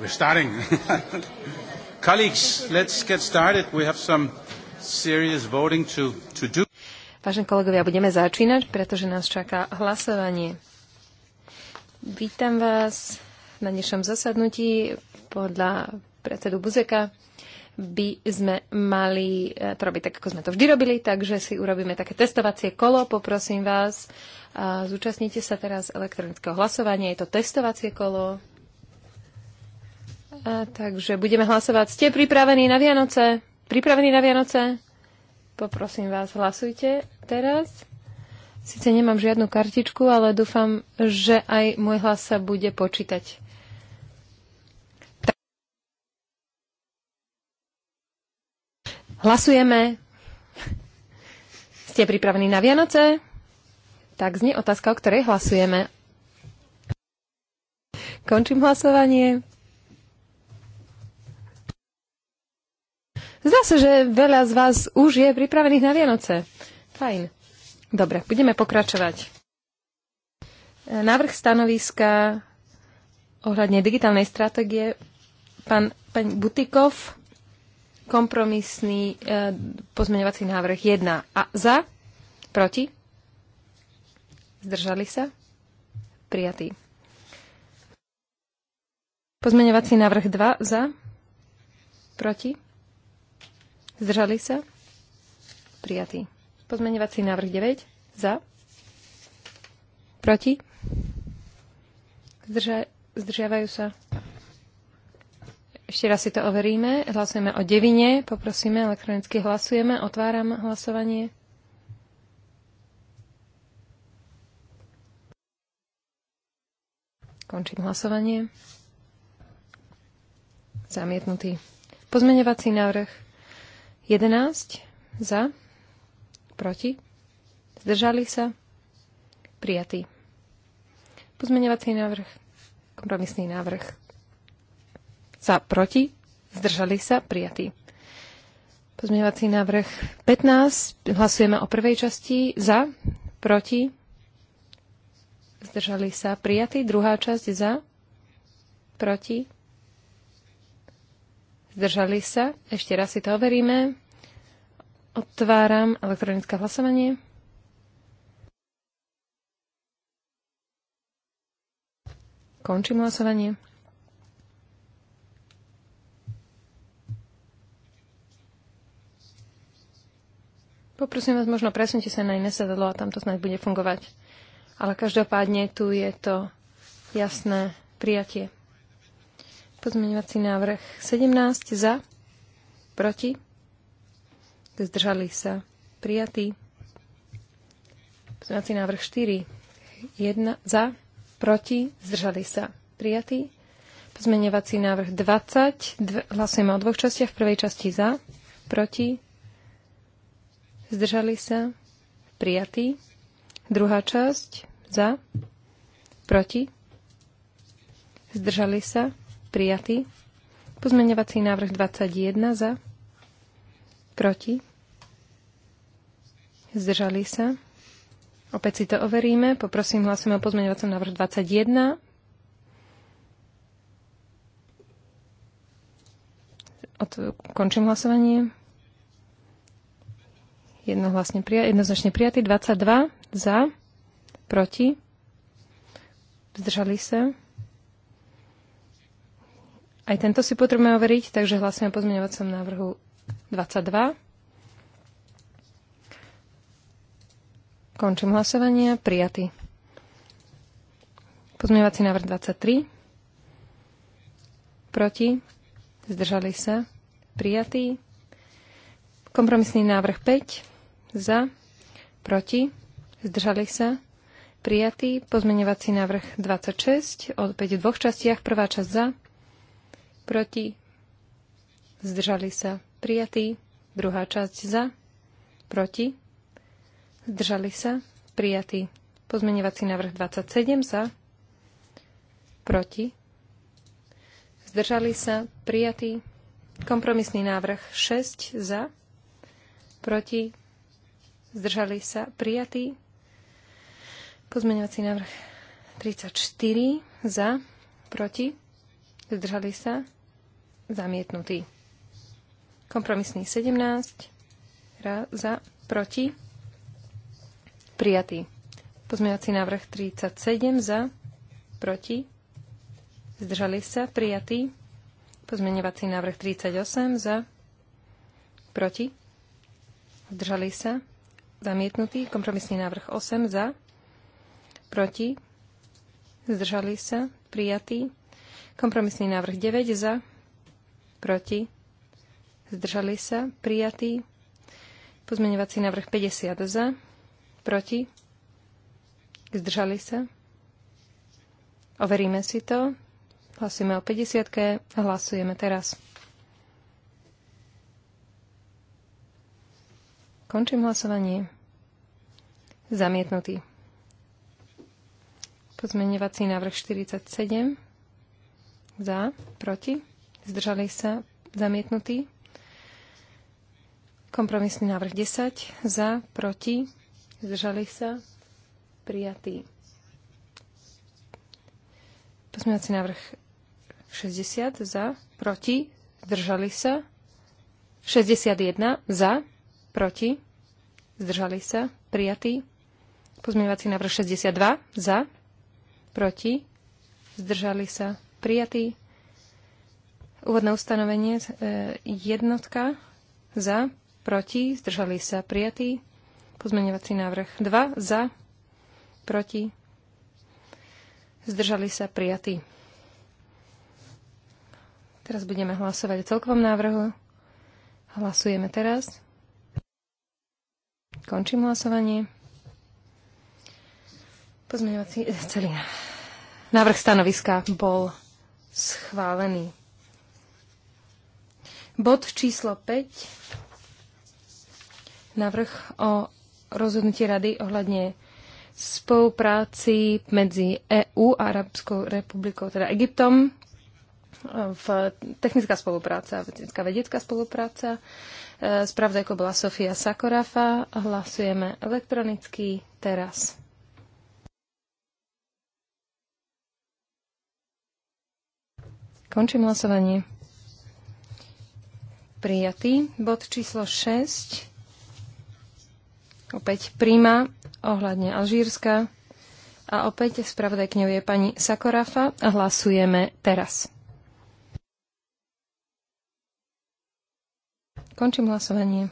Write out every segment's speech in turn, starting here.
We're starting. Colleagues, let's get started. We have some serious voting to, to do. Vážení kolegovia, budeme začínať, pretože nás čaká hlasovanie. Vítam vás na dnešnom zasadnutí. Podľa predsedu Buzeka by sme mali e, to robiť tak, ako sme to vždy robili, takže si urobíme také testovacie kolo. Poprosím vás, zúčastnite sa teraz elektronického hlasovania. Je to testovacie kolo. A, takže budeme hlasovať. Ste pripravení na Vianoce? Pripravení na Vianoce? Poprosím vás, hlasujte teraz. Sice nemám žiadnu kartičku, ale dúfam, že aj môj hlas sa bude počítať. Hlasujeme. Ste pripravení na Vianoce? Tak znie otázka, o ktorej hlasujeme. Končím hlasovanie. Zdá sa, že veľa z vás už je pripravených na Vianoce. Fajn. Dobre, budeme pokračovať. Návrh stanoviska ohľadne digitálnej stratégie. Pán, pán Butikov, kompromisný e, pozmeňovací návrh 1. A za? Proti? Zdržali sa? Prijatý. Pozmeňovací návrh 2 za? Proti? Zdržali sa? Prijatý. Pozmeňovací návrh 9. Za. Proti? Zdrža- zdržiavajú sa? Ešte raz si to overíme. Hlasujeme o devine. Poprosíme, elektronicky hlasujeme. Otváram hlasovanie. Končím hlasovanie. Zamietnutý. Pozmeňovací návrh 11 za, proti, zdržali sa, prijatý. Pozmeňovací návrh, kompromisný návrh. Za, proti, zdržali sa, prijatý. Pozmeňovací návrh 15, hlasujeme o prvej časti, za, proti, zdržali sa, prijatý. Druhá časť za, proti, Zdržali sa? Ešte raz si to overíme. Otváram elektronické hlasovanie. Končím hlasovanie. Poprosím vás, možno presunte sa na iné sedadlo a tam to snáď bude fungovať. Ale každopádne tu je to jasné prijatie. Pozmeňovací návrh 17 za, proti, zdržali sa, prijatý. Pozmeňovací návrh 4, 1 za, proti, zdržali sa, prijatý. Pozmeňovací návrh 20, hlasujeme o dvoch častiach, v prvej časti za, proti, zdržali sa, prijatý. Druhá časť za, proti, zdržali sa, prijatý. Pozmeňovací návrh 21 za, proti, zdržali sa. Opäť si to overíme. Poprosím, hlasujeme o pozmeňovacom návrhu 21. Od, končím hlasovanie. Jednohlasne prija- jednoznačne prijatý. 22 za, proti, zdržali sa. Aj tento si potrebujeme overiť, takže hlasujeme o pozmeňovacom návrhu 22. Končím hlasovanie. Prijatý. Pozmeňovací návrh 23. Proti. Zdržali sa. Prijatý. Kompromisný návrh 5. Za. Proti. Zdržali sa. Prijatý. Pozmeňovací návrh 26. Opäť v dvoch častiach. Prvá časť za proti, zdržali sa prijatí, druhá časť za, proti, zdržali sa prijatí. Pozmeňovací návrh 27 za, proti, zdržali sa prijatí. Kompromisný návrh 6 za, proti, zdržali sa prijatí. Pozmeňovací návrh 34 za, proti, zdržali sa zamietnutý. Kompromisný 17 za, proti, prijatý. Pozmeňovací návrh 37 za, proti, zdržali sa, prijatý. Pozmeňovací návrh 38 za, proti, zdržali sa, zamietnutý. Kompromisný návrh 8 za, proti, zdržali sa, prijatý. Kompromisný návrh 9 za, proti, zdržali sa, prijatý. Pozmeňovací návrh 50 za, proti, zdržali sa. Overíme si to. Hlasujeme o 50 a hlasujeme teraz. Končím hlasovanie. Zamietnutý. Pozmeňovací návrh 47. Za, proti zdržali sa, zamietnutí. Kompromisný návrh 10, za, proti, zdržali sa, prijatý. Pozmeňovací návrh 60, za, proti, zdržali sa, 61, za, proti, zdržali sa, prijatý. Pozmeňovací návrh 62, za, proti, zdržali sa, prijatý. Úvodné ustanovenie e, jednotka za, proti, zdržali sa prijatí. Pozmeňovací návrh 2 za, proti, zdržali sa prijatí. Teraz budeme hlasovať o celkovom návrhu. Hlasujeme teraz. Končím hlasovanie. Pozmeňovací e, celý návrh stanoviska bol schválený. Bod číslo 5. Navrh o rozhodnutí rady ohľadne spolupráci medzi EÚ a Arabskou republikou, teda Egyptom, v technická spolupráca, vedecká vedecká spolupráca. E, ako bola Sofia Sakorafa. Hlasujeme elektronicky teraz. Končím hlasovanie prijatý. Bod číslo 6, opäť príma ohľadne Alžírska. A opäť spravodajkňou je pani Sakorafa a hlasujeme teraz. Končím hlasovanie.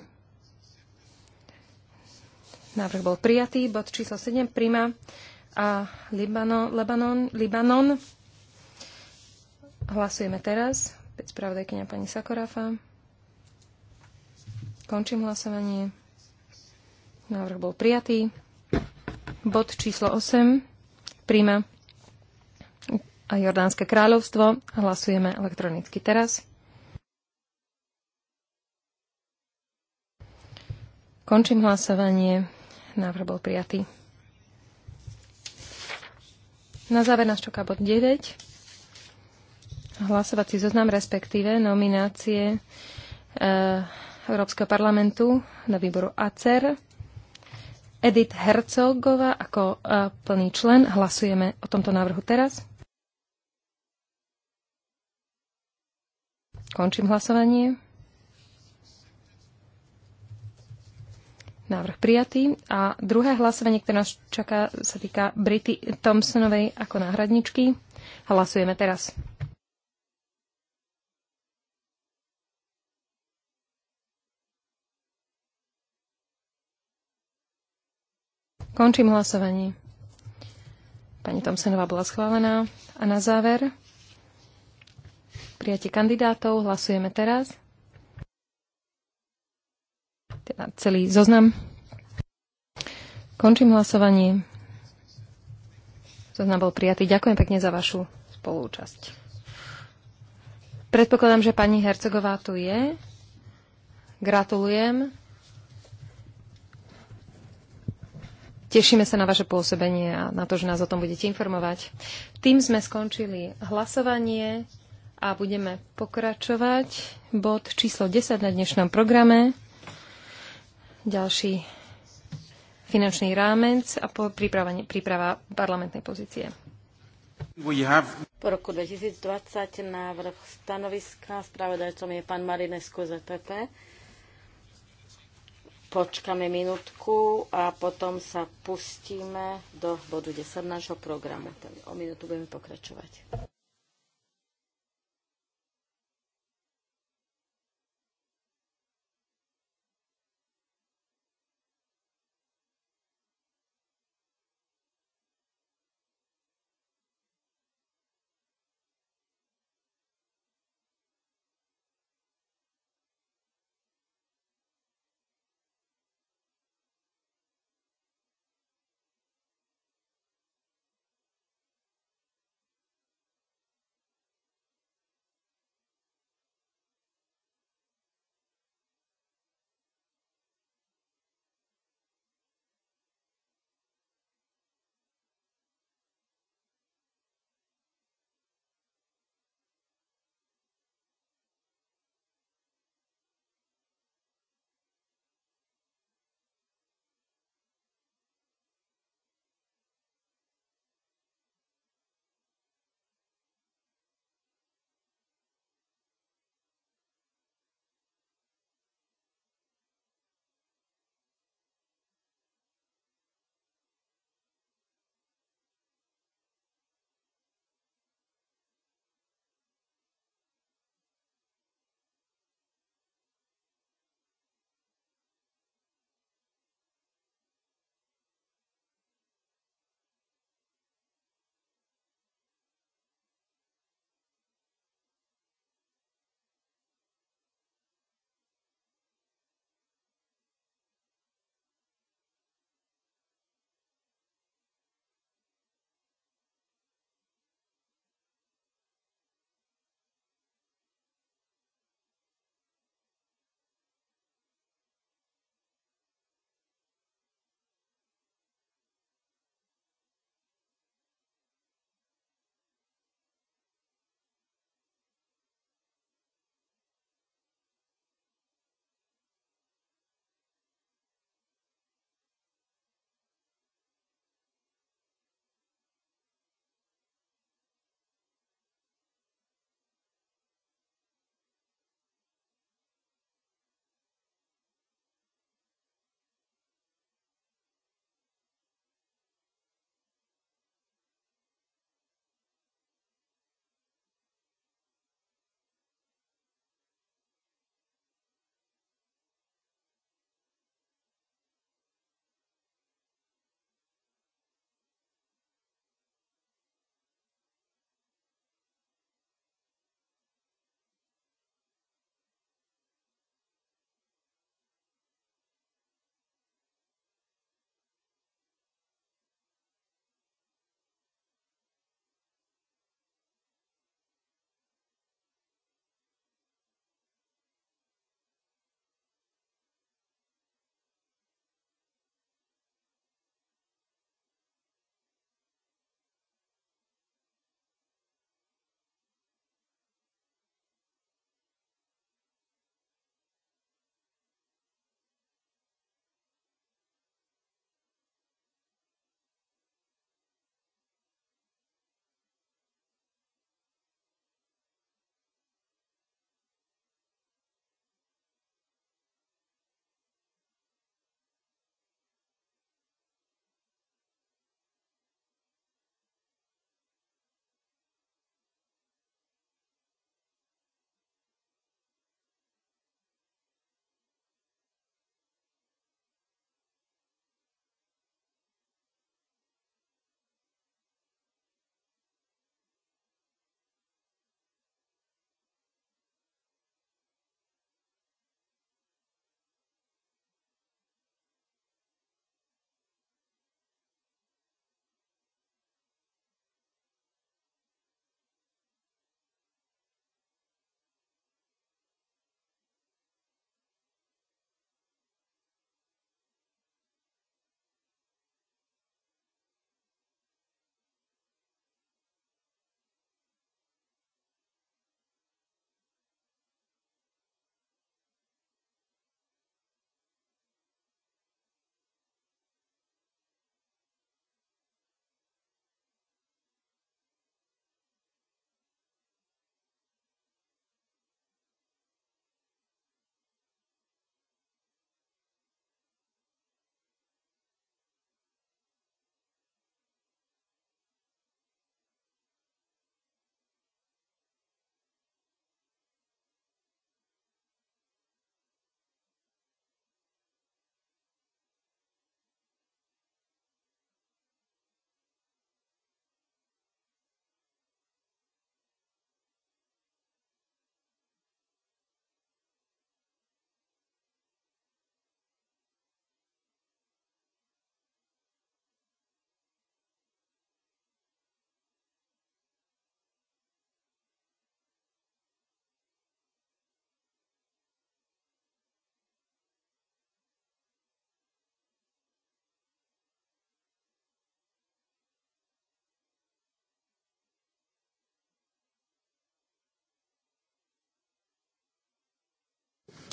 Návrh bol prijatý. Bod číslo 7 príjma a Libano, Lebanon, Libanon. Hlasujeme teraz. Spravodajkynia pani Sakorafa. Končím hlasovanie. Návrh bol prijatý. Bod číslo 8. Príjma a Jordánske kráľovstvo. Hlasujeme elektronicky teraz. Končím hlasovanie. Návrh bol prijatý. Na záver nás čaká bod 9. Hlasovací zoznam, respektíve nominácie e Európskeho parlamentu na výboru ACER. Edith Hercogova ako e, plný člen. Hlasujeme o tomto návrhu teraz. Končím hlasovanie. Návrh prijatý. A druhé hlasovanie, ktoré nás čaká, sa týka Brity Thompsonovej ako náhradničky. Hlasujeme teraz. Končím hlasovanie. Pani Tomsenová bola schválená. A na záver prijatie kandidátov hlasujeme teraz. Teda celý zoznam. Končím hlasovanie. Zoznam bol prijatý. Ďakujem pekne za vašu spolúčasť. Predpokladám, že pani Hercegová tu je. Gratulujem. Tešíme sa na vaše pôsobenie a na to, že nás o tom budete informovať. Tým sme skončili hlasovanie a budeme pokračovať. Bod číslo 10 na dnešnom programe. Ďalší finančný rámec a príprava parlamentnej pozície. Po roku 2020 návrh stanoviska spravodajcom je pán Marinesko z e Počkáme minútku a potom sa pustíme do bodu 10 nášho programu. O minútu budeme pokračovať.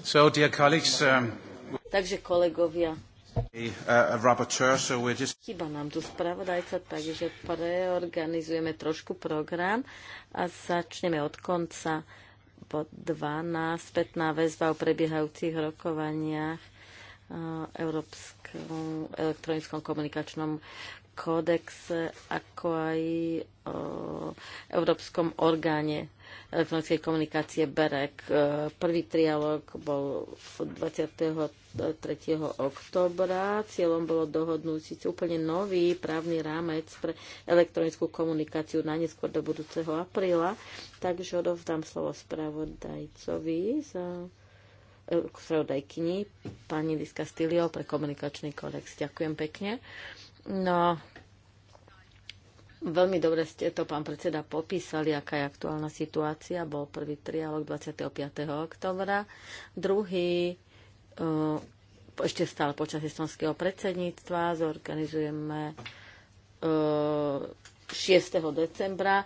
So, dear colleagues, um... Takže kolegovia, uh, Chyba nám tu spravodajca, takže preorganizujeme trošku program a začneme od konca po 12, spätná väzba o prebiehajúcich rokovaniach uh, Európskom elektronickom komunikačnom kódexe, ako aj o uh, Európskom orgáne elektronickej komunikácie BEREK. E, Prvý trialog bol 23. oktobra. Cieľom bolo dohodnúť síce úplne nový právny rámec pre elektronickú komunikáciu na neskôr do budúceho apríla. Takže odovzdám slovo spravodajcovi za e, spravodajkyni pani Liska Stilio pre komunikačný kodex. Ďakujem pekne. No, Veľmi dobre ste to, pán predseda, popísali, aká je aktuálna situácia. Bol prvý trialog 25. oktobra, druhý e, ešte stále počas estonského predsedníctva zorganizujeme 6. E, decembra. E,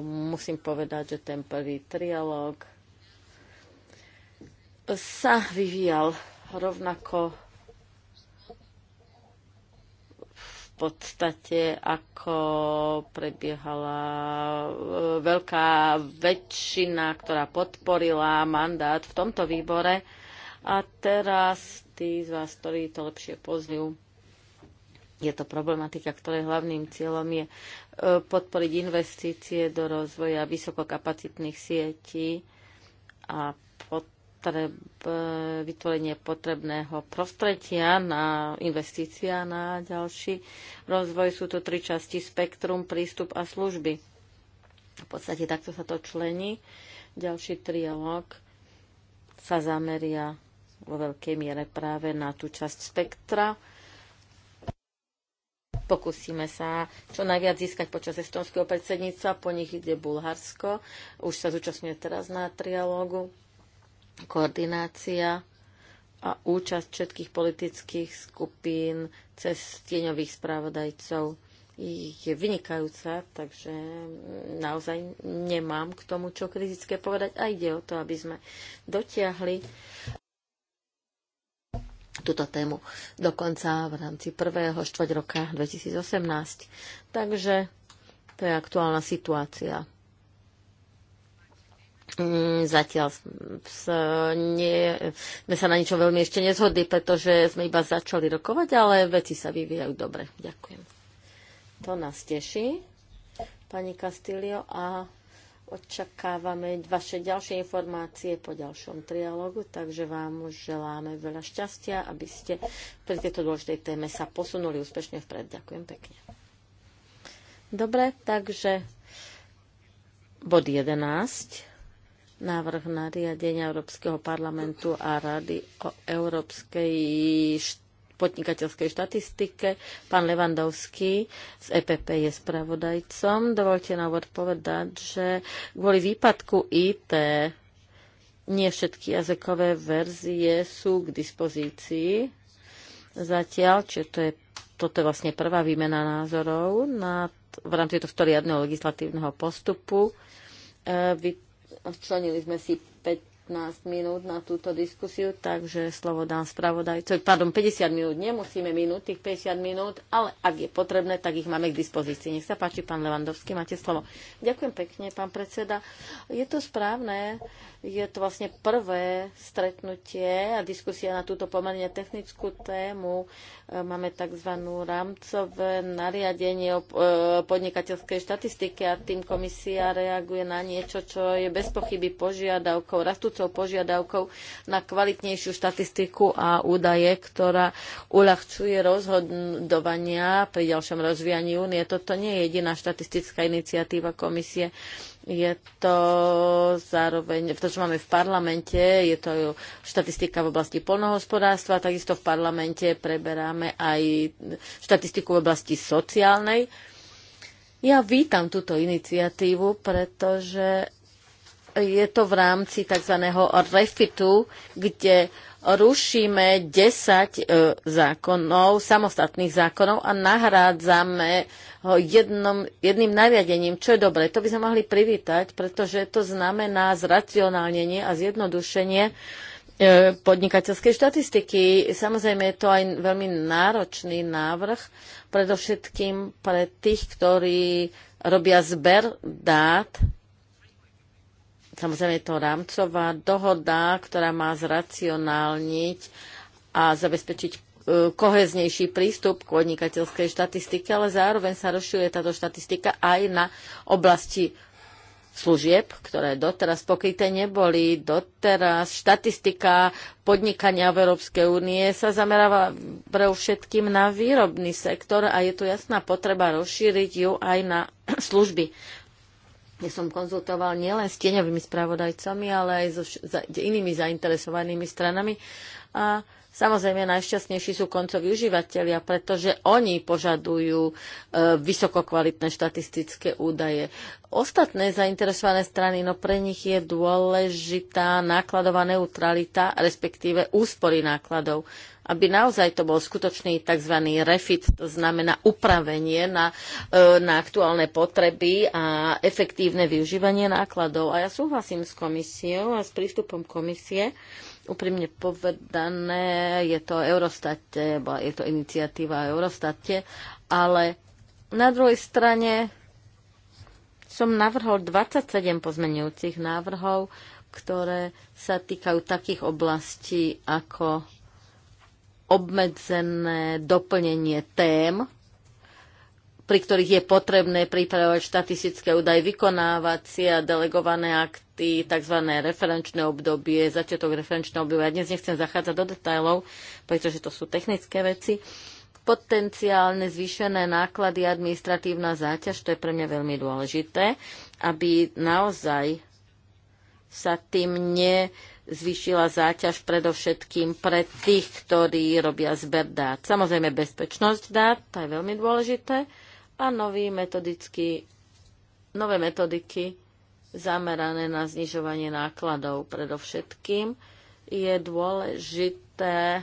musím povedať, že ten prvý trialog sa vyvíjal rovnako podstate, ako prebiehala e, veľká väčšina, ktorá podporila mandát v tomto výbore. A teraz tí z vás, ktorí to lepšie pozrú, je to problematika, ktorej hlavným cieľom je e, podporiť investície do rozvoja vysokokapacitných sietí a pod potreb, vytvorenie potrebného prostredia na investícia na ďalší rozvoj. Sú to tri časti spektrum, prístup a služby. V podstate takto sa to člení. Ďalší trialog sa zameria vo veľkej miere práve na tú časť spektra. Pokúsime sa čo najviac získať počas estonského predsedníctva, po nich ide Bulharsko, už sa zúčastňuje teraz na trialógu koordinácia a účasť všetkých politických skupín cez tieňových správodajcov je vynikajúca, takže naozaj nemám k tomu čo kritické povedať a ide o to, aby sme dotiahli túto tému dokonca v rámci prvého štvrť roka 2018. Takže to je aktuálna situácia. Mm, zatiaľ nie, sme sa na ničom veľmi ešte nezhodli, pretože sme iba začali rokovať, ale veci sa vyvíjajú dobre. Ďakujem. To nás teší, pani Castilio, a očakávame vaše ďalšie informácie po ďalšom trialogu, takže vám už želáme veľa šťastia, aby ste pri tejto dôležitej téme sa posunuli úspešne vpred. Ďakujem pekne. Dobre, takže bod 11 návrh na riadenie Európskeho parlamentu a Rady o európskej podnikateľskej štatistike. Pán Levandovský z EPP je spravodajcom. Dovolte na úvod povedať, že kvôli výpadku IT nie všetky jazykové verzie sú k dispozícii zatiaľ, čiže to je, toto je vlastne prvá výmena názorov na, v rámci tohto riadneho legislatívneho postupu. E, odčlenili sme si 15 minút na túto diskusiu, takže slovo dám spravodajcovi. Pardon, 50 minút, nemusíme minút, tých 50 minút, ale ak je potrebné, tak ich máme k dispozícii. Nech sa páči, pán Levandovský, máte slovo. Ďakujem pekne, pán predseda. Je to správne, je to vlastne prvé stretnutie a diskusia na túto pomerne technickú tému. E, máme tzv. rámcové nariadenie o e, podnikateľskej štatistike a tým komisia reaguje na niečo, čo je bez pochyby požiadavkou rastú rastúcou požiadavkou na kvalitnejšiu štatistiku a údaje, ktorá uľahčuje rozhodovania pri ďalšom rozvíjaní únie. Toto nie je jediná štatistická iniciatíva komisie. Je to zároveň, to, čo máme v parlamente, je to štatistika v oblasti polnohospodárstva, takisto v parlamente preberáme aj štatistiku v oblasti sociálnej. Ja vítam túto iniciatívu, pretože je to v rámci tzv. refitu, kde rušíme 10 e, zákonov, samostatných zákonov a nahrádzame ho jednom, jedným nariadením, čo je dobre. To by sme mohli privítať, pretože to znamená zracionálnenie a zjednodušenie e, podnikateľskej štatistiky. Samozrejme je to aj veľmi náročný návrh, predovšetkým pre tých, ktorí robia zber dát Samozrejme je to rámcová dohoda, ktorá má zracionálniť a zabezpečiť e, koheznejší prístup k podnikateľskej štatistike, ale zároveň sa rozširuje táto štatistika aj na oblasti služieb, ktoré doteraz pokryté neboli. Doteraz štatistika podnikania v Európskej únie sa zameráva pre všetkým na výrobný sektor a je tu jasná potreba rozšíriť ju aj na služby ja som konzultoval nielen s tieňovými spravodajcami, ale aj so za, inými zainteresovanými stranami. A samozrejme najšťastnejší sú koncoví užívateľia, pretože oni požadujú e, vysokokvalitné štatistické údaje. Ostatné zainteresované strany, no pre nich je dôležitá nákladová neutralita, respektíve úspory nákladov aby naozaj to bol skutočný tzv. refit, to znamená upravenie na, e, na aktuálne potreby a efektívne využívanie nákladov. A ja súhlasím s komisiou a s prístupom komisie. Úprimne povedané, je to Eurostate, je to iniciatíva Eurostate, ale na druhej strane som navrhol 27 pozmenujúcich návrhov, ktoré sa týkajú takých oblastí ako obmedzené doplnenie tém, pri ktorých je potrebné pripravovať štatistické údaje, vykonávacie a delegované akty, tzv. referenčné obdobie, začiatok referenčného obdobia. Ja dnes nechcem zachádzať do detajlov, pretože to sú technické veci. Potenciálne zvýšené náklady, administratívna záťaž, to je pre mňa veľmi dôležité, aby naozaj sa tým nezvyšila záťaž predovšetkým pre tých, ktorí robia zber dát. Samozrejme bezpečnosť dát, to je veľmi dôležité, a nový metodický, nové metodiky zamerané na znižovanie nákladov predovšetkým je dôležité,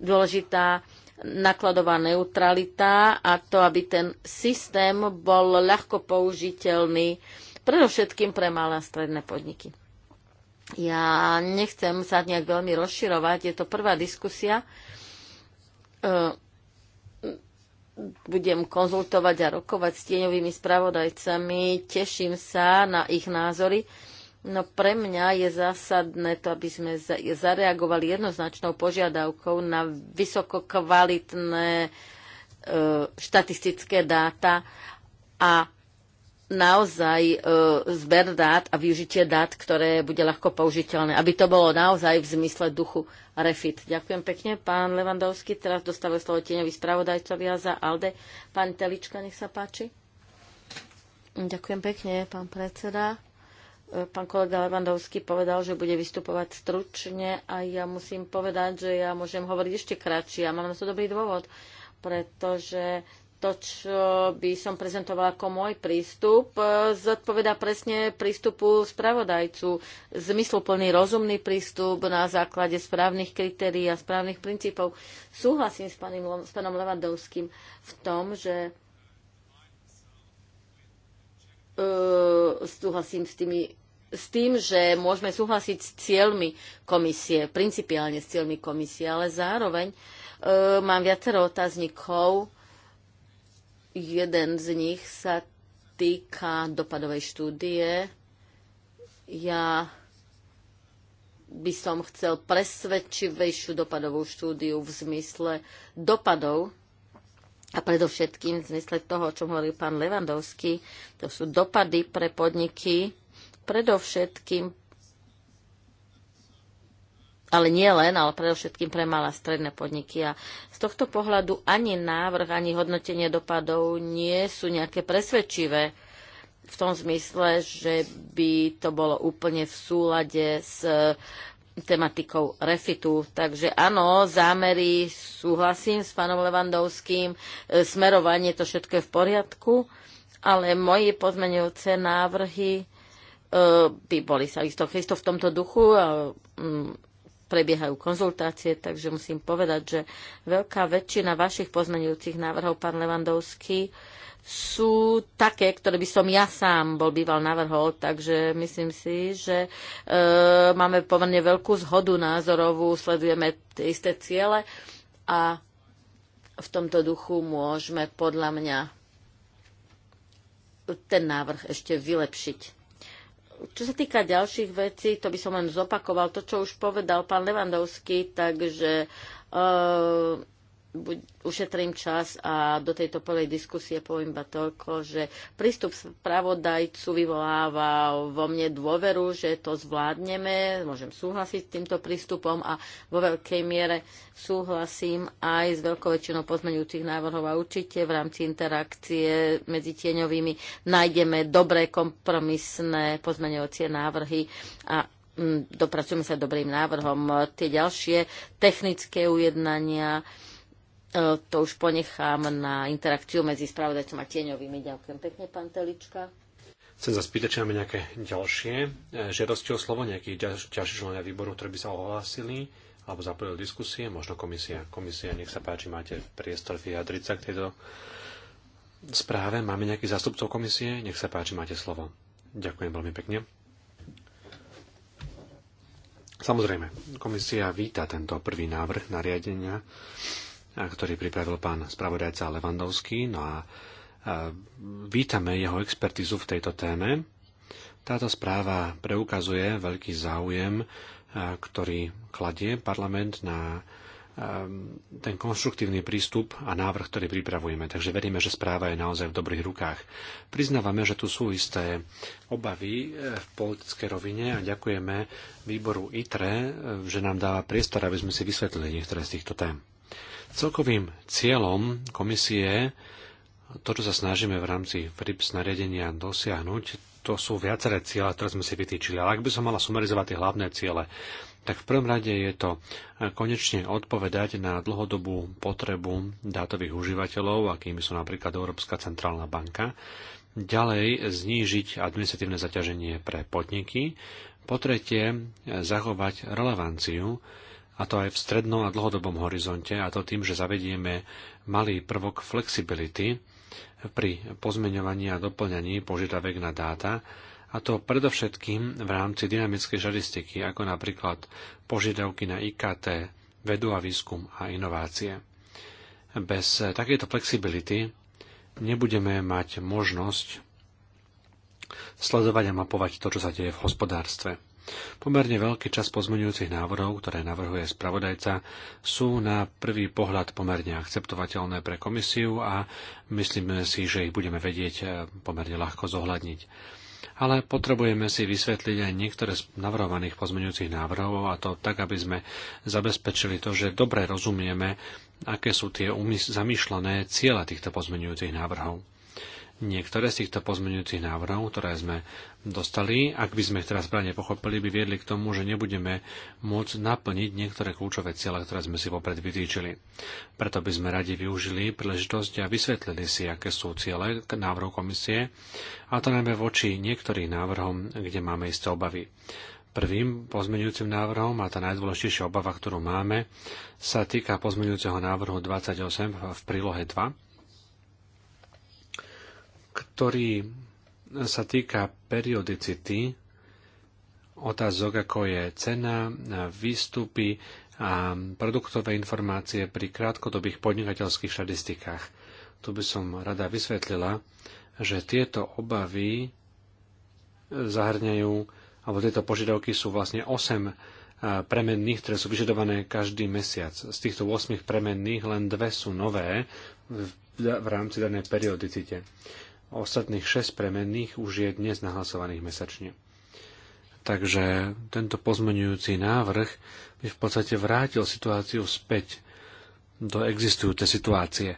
dôležitá nakladová neutralita a to, aby ten systém bol ľahko použiteľný predovšetkým pre malé a stredné podniky. Ja nechcem sa nejak veľmi rozširovať, je to prvá diskusia. E, budem konzultovať a rokovať s tieňovými spravodajcami, teším sa na ich názory. No pre mňa je zásadné to, aby sme zareagovali jednoznačnou požiadavkou na vysokokvalitné e, štatistické dáta a naozaj e, zber dát a využitie dát, ktoré bude ľahko použiteľné. Aby to bolo naozaj v zmysle duchu refit. Ďakujem pekne, pán Levandovský. Teraz dostáva slovo tieňový spravodajcovia za ALDE. Pán Telička, nech sa páči. Ďakujem pekne, pán predseda. E, pán kolega Levandovský povedal, že bude vystupovať stručne a ja musím povedať, že ja môžem hovoriť ešte kratšie a mám na to dobrý dôvod, pretože to, čo by som prezentovala ako môj prístup, e, zodpoveda presne prístupu spravodajcu. Zmysluplný, rozumný prístup na základe správnych kritérií a správnych princípov. Súhlasím s, paním, s pánom Levandovským v tom, že e, súhlasím s tými s tým, že môžeme súhlasiť s cieľmi komisie, principiálne s cieľmi komisie, ale zároveň e, mám viacero otáznikov, Jeden z nich sa týka dopadovej štúdie. Ja by som chcel presvedčivejšiu dopadovú štúdiu v zmysle dopadov a predovšetkým v zmysle toho, o čom hovoril pán Levandovský, to sú dopady pre podniky, predovšetkým ale nie len, ale predovšetkým pre malé a stredné podniky. A z tohto pohľadu ani návrh, ani hodnotenie dopadov nie sú nejaké presvedčivé v tom zmysle, že by to bolo úplne v súlade s e, tematikou refitu. Takže áno, zámery súhlasím s pánom Levandovským, e, smerovanie to všetko je v poriadku, ale moje pozmenujúce návrhy e, by boli sa isto v tomto duchu a mm, prebiehajú konzultácie, takže musím povedať, že veľká väčšina vašich pozmenujúcich návrhov, pán Levandovský, sú také, ktoré by som ja sám bol býval navrhol, takže myslím si, že e, máme pomerne veľkú zhodu názorovú, sledujeme tie isté ciele a v tomto duchu môžeme podľa mňa ten návrh ešte vylepšiť. Čo sa týka ďalších vecí, to by som len zopakoval to, čo už povedal pán Levandovský, takže eh, buď, ušetrím čas a do tejto prvej diskusie poviem iba toľko, že prístup spravodajcu vyvoláva vo mne dôveru, že to zvládneme, môžem súhlasiť s týmto prístupom a vo veľkej miere súhlasím aj s veľkou väčšinou pozmeňujúcich návrhov a určite v rámci interakcie medzi tieňovými nájdeme dobré kompromisné pozmeňujúcie návrhy a mm, dopracujeme sa dobrým návrhom. Tie ďalšie technické ujednania, E, to už ponechám na interakciu medzi spravodajcom a tieňovými. Ďakujem pekne, pán Telička. Chcem sa spýtať, či máme nejaké ďalšie e, žiadosti o slovo, nejakých ďalší členia výboru, ktorí by sa ohlásili alebo zapojili diskusie, možno komisia. Komisia, nech sa páči, máte priestor vyjadriť sa k tejto správe. Máme nejakých zástupcov komisie? Nech sa páči, máte slovo. Ďakujem veľmi pekne. Samozrejme, komisia víta tento prvý návrh nariadenia ktorý pripravil pán spravodajca Levandovský. No a vítame jeho expertizu v tejto téme. Táto správa preukazuje veľký záujem, ktorý kladie parlament na ten konštruktívny prístup a návrh, ktorý pripravujeme. Takže veríme, že správa je naozaj v dobrých rukách. Priznávame, že tu sú isté obavy e, v politickej rovine a ďakujeme výboru ITRE, e, že nám dáva priestor, aby sme si vysvetlili niektoré z týchto tém. Celkovým cieľom komisie, to, čo sa snažíme v rámci FRIPS nariadenia dosiahnuť, to sú viaceré ciele, ktoré sme si vytýčili. Ale ak by som mala sumerizovať tie hlavné ciele, tak v prvom rade je to konečne odpovedať na dlhodobú potrebu dátových užívateľov, akými sú napríklad Európska centrálna banka, ďalej znížiť administratívne zaťaženie pre podniky, po tretie zachovať relevanciu a to aj v strednom a dlhodobom horizonte, a to tým, že zavedieme malý prvok flexibility pri pozmeňovaní a doplňaní požiadavek na dáta, a to predovšetkým v rámci dynamickej žaristiky, ako napríklad požiadavky na IKT, vedu a výskum a inovácie. Bez takéto flexibility nebudeme mať možnosť sledovať a mapovať to, čo sa deje v hospodárstve. Pomerne veľký čas pozmeňujúcich návrhov, ktoré navrhuje spravodajca, sú na prvý pohľad pomerne akceptovateľné pre komisiu a myslíme si, že ich budeme vedieť eh, pomerne ľahko zohľadniť ale potrebujeme si vysvetliť aj niektoré z navrhovaných pozmeňujúcich návrhov a to tak, aby sme zabezpečili to, že dobre rozumieme, aké sú tie zamýšľané ciele týchto pozmeňujúcich návrhov. Niektoré z týchto pozmeňujúcich návrhov, ktoré sme dostali, ak by sme ich teraz správne pochopili, by viedli k tomu, že nebudeme môcť naplniť niektoré kľúčové ciele, ktoré sme si vopred vytýčili. Preto by sme radi využili príležitosť a vysvetlili si, aké sú ciele k návrhu komisie, a to najmä voči niektorým návrhom, kde máme isté obavy. Prvým pozmeňujúcim návrhom a tá najdôležitejšia obava, ktorú máme, sa týka pozmeňujúceho návrhu 28 v prílohe 2 ktorý sa týka periodicity otázok, ako je cena, výstupy a produktové informácie pri krátkodobých podnikateľských štatistikách. Tu by som rada vysvetlila, že tieto obavy zahrňajú, alebo tieto požiadavky sú vlastne 8 e, premenných, ktoré sú vyžadované každý mesiac. Z týchto 8 premenných len dve sú nové v, v rámci danej periodicite. Ostatných 6 premenných už je dnes nahlasovaných mesačne. Takže tento pozmenujúci návrh by v podstate vrátil situáciu späť do existujúcej situácie.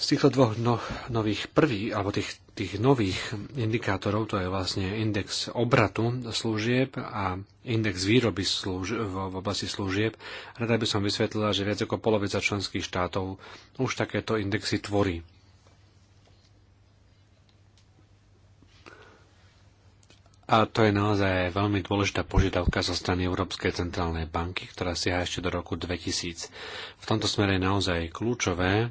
Z týchto dvoch no, nových prvých, alebo tých, tých nových indikátorov, to je vlastne index obratu služieb a index výroby služ, v, v oblasti služieb, rada by som vysvetlila, že viac ako polovica členských štátov už takéto indexy tvorí. A to je naozaj veľmi dôležitá požiadavka zo strany Európskej centrálnej banky, ktorá siaha ešte do roku 2000. V tomto smere je naozaj kľúčové,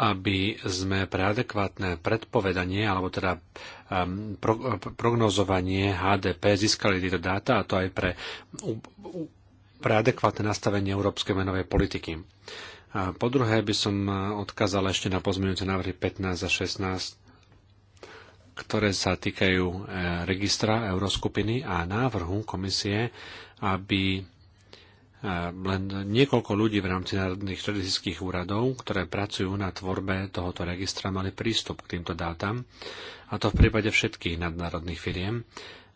aby sme pre adekvátne predpovedanie, alebo teda um, pro, prognozovanie HDP získali tieto dáta, a to aj pre, u, u, pre adekvátne nastavenie európskej menovej politiky. A po druhé by som uh, odkázal ešte na pozmeňujúce návrhy 15 a 16 ktoré sa týkajú e, registra Euroskupiny a návrhu komisie, aby e, len niekoľko ľudí v rámci národných štatistických úradov, ktoré pracujú na tvorbe tohoto registra, mali prístup k týmto dátam, a to v prípade všetkých nadnárodných firiem,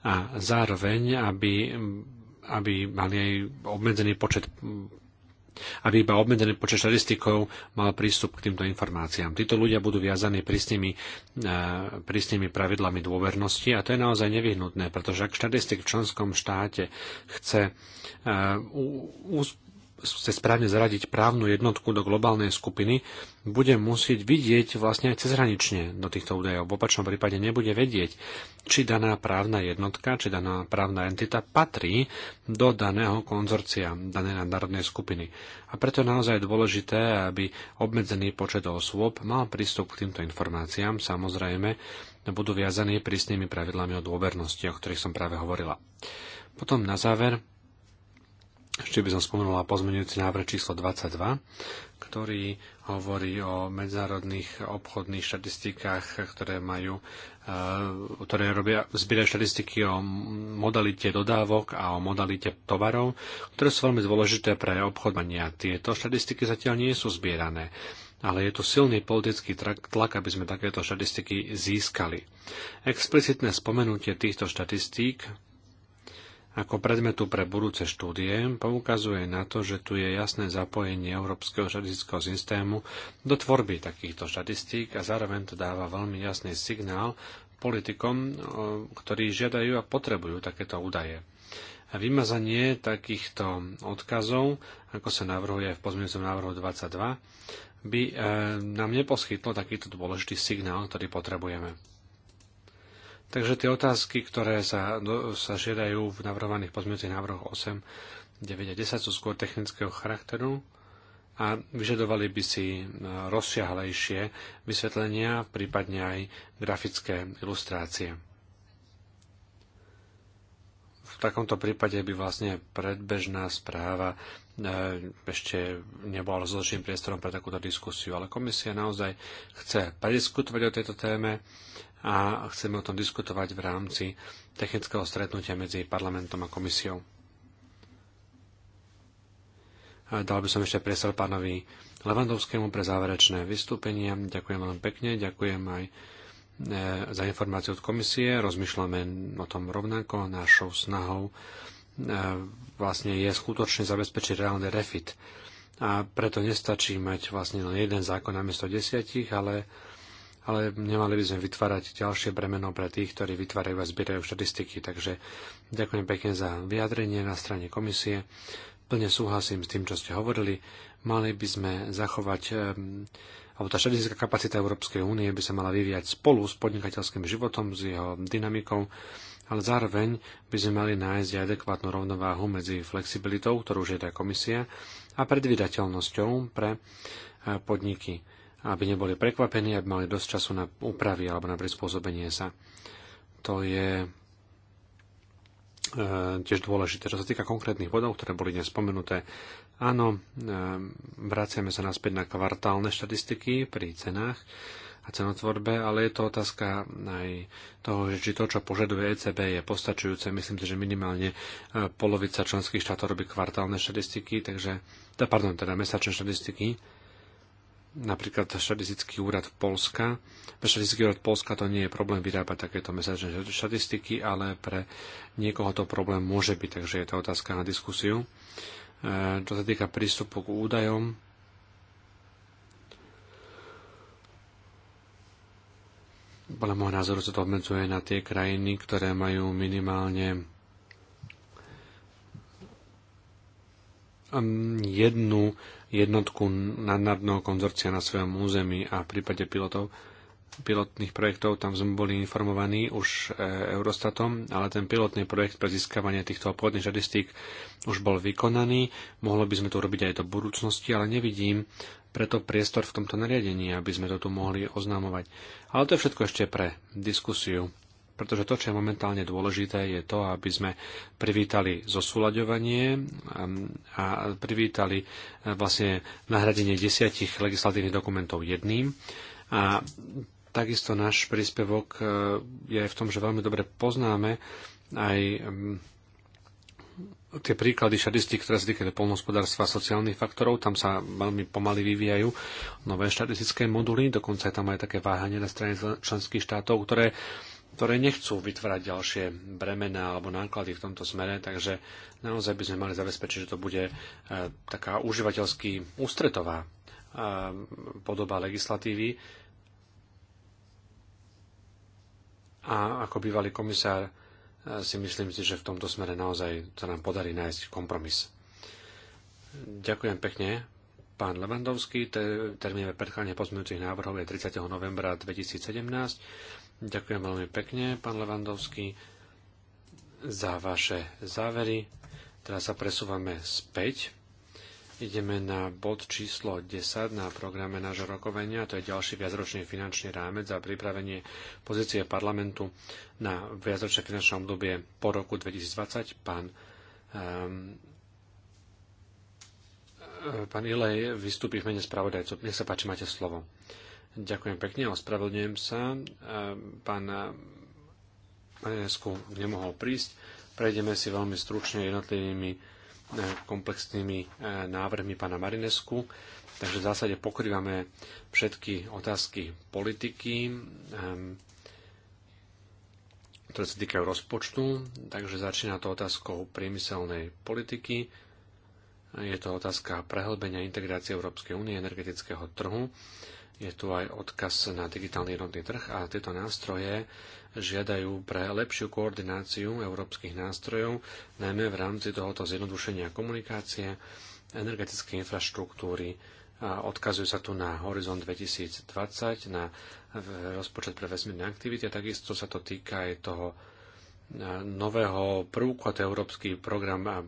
a zároveň, aby, aby mali aj obmedzený počet aby iba obmedzený počet štatistikov mal prístup k týmto informáciám. Títo ľudia budú viazaní prísnymi, e, prísnymi pravidlami dôvernosti a to je naozaj nevyhnutné, pretože ak štatistik v členskom štáte chce e, chce správne zaradiť právnu jednotku do globálnej skupiny, bude musieť vidieť vlastne aj cezhranične do týchto údajov. V opačnom prípade nebude vedieť, či daná právna jednotka, či daná právna entita patrí do daného konzorcia, danej národnej skupiny. A preto je naozaj dôležité, aby obmedzený počet osôb mal prístup k týmto informáciám, samozrejme, budú viazaní prísnymi pravidlami o dôvernosti, o ktorých som práve hovorila. Potom na záver ešte by som spomenula pozmenujúci návrh číslo 22, ktorý hovorí o medzárodných obchodných štatistikách, ktoré majú, eh, ktoré robia, zbierajú štatistiky o modalite dodávok a o modalite tovarov, ktoré sú veľmi dôležité pre obchodovania. Tieto štatistiky zatiaľ nie sú zbierané ale je tu silný politický tlak, aby sme takéto štatistiky získali. Explicitné spomenutie týchto štatistík ako predmetu pre budúce štúdie poukazuje na to, že tu je jasné zapojenie Európskeho štatistického systému do tvorby takýchto štatistík a zároveň to dáva veľmi jasný signál politikom, ktorí žiadajú a potrebujú takéto údaje. A vymazanie takýchto odkazov, ako sa navrhuje v pozmienicom návrhu 22, by e, nám neposkytlo takýto dôležitý signál, ktorý potrebujeme. Takže tie otázky, ktoré sa, no, sa žiadajú v navrhovaných pozmeňujúcich návrhoch 8, 9 a 10 sú skôr technického charakteru a vyžadovali by si e, rozsiahlejšie vysvetlenia, prípadne aj grafické ilustrácie. V takomto prípade by vlastne predbežná správa e, ešte nebola rozložitým priestorom pre takúto diskusiu, ale komisia naozaj chce prediskutovať o tejto téme a chceme o tom diskutovať v rámci technického stretnutia medzi parlamentom a komisiou. A dal by som ešte priestor pánovi Levandovskému pre záverečné vystúpenie. Ďakujem veľmi pekne, ďakujem aj e, za informáciu od komisie. Rozmýšľame o tom rovnako. Našou snahou e, vlastne je skutočne zabezpečiť reálny refit. A preto nestačí mať vlastne len jeden zákon namiesto desiatich, ale ale nemali by sme vytvárať ďalšie bremeno pre tých, ktorí vytvárajú a zbierajú štatistiky. Takže ďakujem pekne za vyjadrenie na strane komisie. Plne súhlasím s tým, čo ste hovorili. Mali by sme zachovať ehm, alebo tá štatistická kapacita Európskej únie by sa mala vyvíjať spolu s podnikateľským životom, s jeho dynamikou, ale zároveň by sme mali nájsť adekvátnu rovnováhu medzi flexibilitou, ktorú žiada komisia, a predvydateľnosťou pre eh, podniky aby neboli prekvapení, aby mali dosť času na úpravy alebo na prispôsobenie sa. To je e, tiež dôležité. Čo sa týka konkrétnych bodov, ktoré boli dnes spomenuté, áno, e, vraciame sa naspäť na kvartálne štatistiky pri cenách a cenotvorbe, ale je to otázka aj toho, že či to, čo požaduje ECB, je postačujúce. Myslím si, že minimálne e, polovica členských štátov robí kvartálne štatistiky, takže, pardon, teda mesačné štatistiky, napríklad štatistický úrad Polska. Pre štatistický úrad Polska to nie je problém vyrábať takéto mesačné štatistiky, ale pre niekoho to problém môže byť, takže je to otázka na diskusiu. E, čo sa týka prístupu k údajom, podľa môjho názoru sa to obmedzuje na tie krajiny, ktoré majú minimálne jednu jednotku nadnárodného konzorcia na svojom území a v prípade pilotov, pilotných projektov tam sme boli informovaní už e, Eurostatom, ale ten pilotný projekt pre získavanie týchto obchodných žadistík už bol vykonaný. Mohlo by sme to robiť aj do budúcnosti, ale nevidím preto priestor v tomto nariadení, aby sme to tu mohli oznamovať. Ale to je všetko ešte pre diskusiu pretože to, čo je momentálne dôležité, je to, aby sme privítali zosúľaďovanie ehm, a privítali e, vlastne nahradenie desiatich legislatívnych dokumentov jedným. A takisto náš príspevok e, je v tom, že veľmi dobre poznáme aj ehm, tie príklady štatistiky, ktoré sa týkajú polnohospodárstva a sociálnych faktorov, tam sa veľmi pomaly vyvíjajú nové štatistické moduly, dokonca je tam aj také váhanie na strane členských štátov, ktoré ktoré nechcú vytvárať ďalšie bremena alebo náklady v tomto smere, takže naozaj by sme mali zabezpečiť, že to bude e, taká užívateľsky ústretová e, podoba legislatívy. A ako bývalý komisár e, si myslím si, že v tomto smere naozaj sa nám podarí nájsť kompromis. Ďakujem pekne, pán Levandovský. Termín predchádzania pozmeňujúcich návrhov je 30. novembra 2017. Ďakujem veľmi pekne, pán Levandovský, za vaše závery. Teraz sa presúvame späť. Ideme na bod číslo 10 na programe nášho rokovania. To je ďalší viacročný finančný rámec za pripravenie pozície parlamentu na viacročné finančné obdobie po roku 2020. Pán um, Pán Ilej vystúpi v mene spravodajcov. Nech sa páči, máte slovo. Ďakujem pekne, ospravedlňujem sa. E, pán Marinesku nemohol prísť. Prejdeme si veľmi stručne jednotlivými e, komplexnými e, návrhmi pána Marinesku. Takže v zásade pokrývame všetky otázky politiky, ktoré sa týkajú rozpočtu. Takže začína to otázkou priemyselnej politiky. Je to otázka prehlbenia integrácie Európskej únie energetického trhu je tu aj odkaz na digitálny jednotný trh a tieto nástroje žiadajú pre lepšiu koordináciu európskych nástrojov, najmä v rámci tohoto zjednodušenia komunikácie, energetickej infraštruktúry, a odkazujú sa tu na Horizon 2020, na e, rozpočet pre vesmírne aktivity a takisto sa to týka aj toho e, nového prvku, a to je Európsky program a e,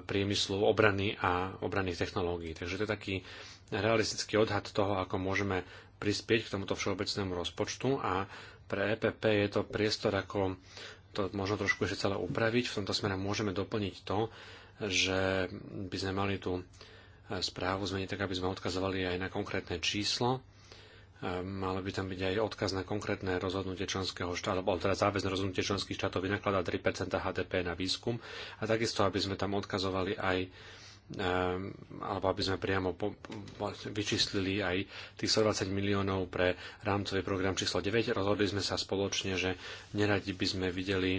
priemyslu obrany a obranných technológií. Takže to je taký realistický odhad toho, ako môžeme prispieť k tomuto všeobecnému rozpočtu a pre EPP je to priestor, ako to možno trošku ešte celé upraviť. V tomto smere môžeme doplniť to, že by sme mali tú e, správu zmeniť tak, aby sme odkazovali aj na konkrétne číslo. E, malo by tam byť aj odkaz na konkrétne rozhodnutie členského štátu, alebo teda záväzne rozhodnutie členských štátov vynakladá 3 HDP na výskum a takisto, aby sme tam odkazovali aj Ehm, alebo aby sme priamo vlastne vyčíslili aj tých 120 miliónov pre rámcový program číslo 9. Rozhodli sme sa spoločne, že neradi by sme videli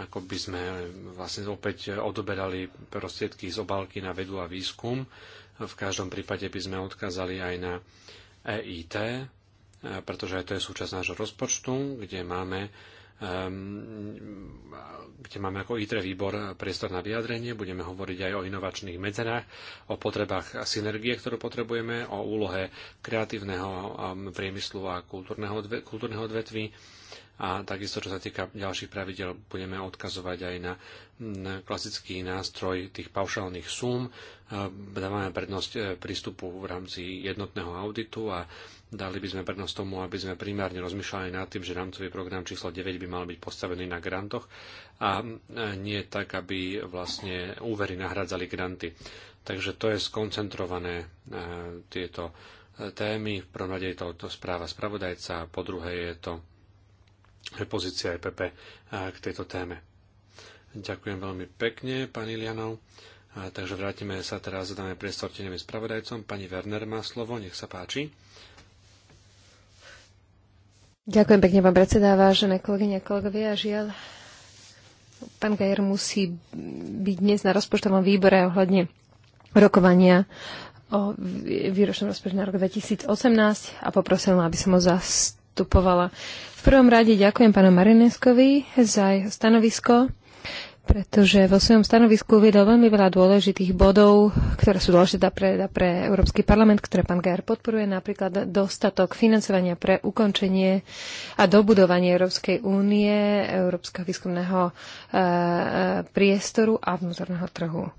ako by sme ehm, vlastne opäť odoberali prostriedky z obálky na vedu a výskum. V každom prípade by sme odkázali aj na EIT, e, pretože aj to je súčasť nášho rozpočtu, kde máme Ehm, kde máme ako ITRE výbor priestor na vyjadrenie. Budeme hovoriť aj o inovačných medzerách, o potrebách synergie, ktorú potrebujeme, o úlohe kreatívneho ehm, priemyslu a kultúrneho, odve, kultúrneho odvetví. A takisto, čo sa týka ďalších pravidel, budeme odkazovať aj na, na klasický nástroj tých paušálnych súm. Ehm, dávame prednosť e, prístupu v rámci jednotného auditu a Dali by sme prednosť tomu, aby sme primárne rozmýšľali nad tým, že rámcový program číslo 9 by mal byť postavený na grantoch a nie tak, aby vlastne úvery nahradzali granty. Takže to je skoncentrované e, tieto e, témy. V prvom rade je to, to správa spravodajca a po druhé je to pozícia EPP e, k tejto téme. Ďakujem veľmi pekne, pán Ilianov. A takže vrátime sa teraz, dáme priestor tenevým spravodajcom. Pani Werner má slovo, nech sa páči. Ďakujem pekne, pán predseda, vážené kolegyne a kolegovia. Žiaľ, pán Gajer musí byť dnes na rozpočtovom výbore ohľadne rokovania o výročnom rozpočte na rok 2018 a poprosím, aby som ho zastupovala. V prvom rade ďakujem pánu Marineskovi za jeho stanovisko pretože vo svojom stanovisku uviedol veľmi veľa dôležitých bodov, ktoré sú dôležité pre, pre Európsky parlament, ktoré pán Gajer podporuje, napríklad dostatok financovania pre ukončenie a dobudovanie Európskej únie, Európskeho výskumného e, e priestoru a vnútorného trhu. E,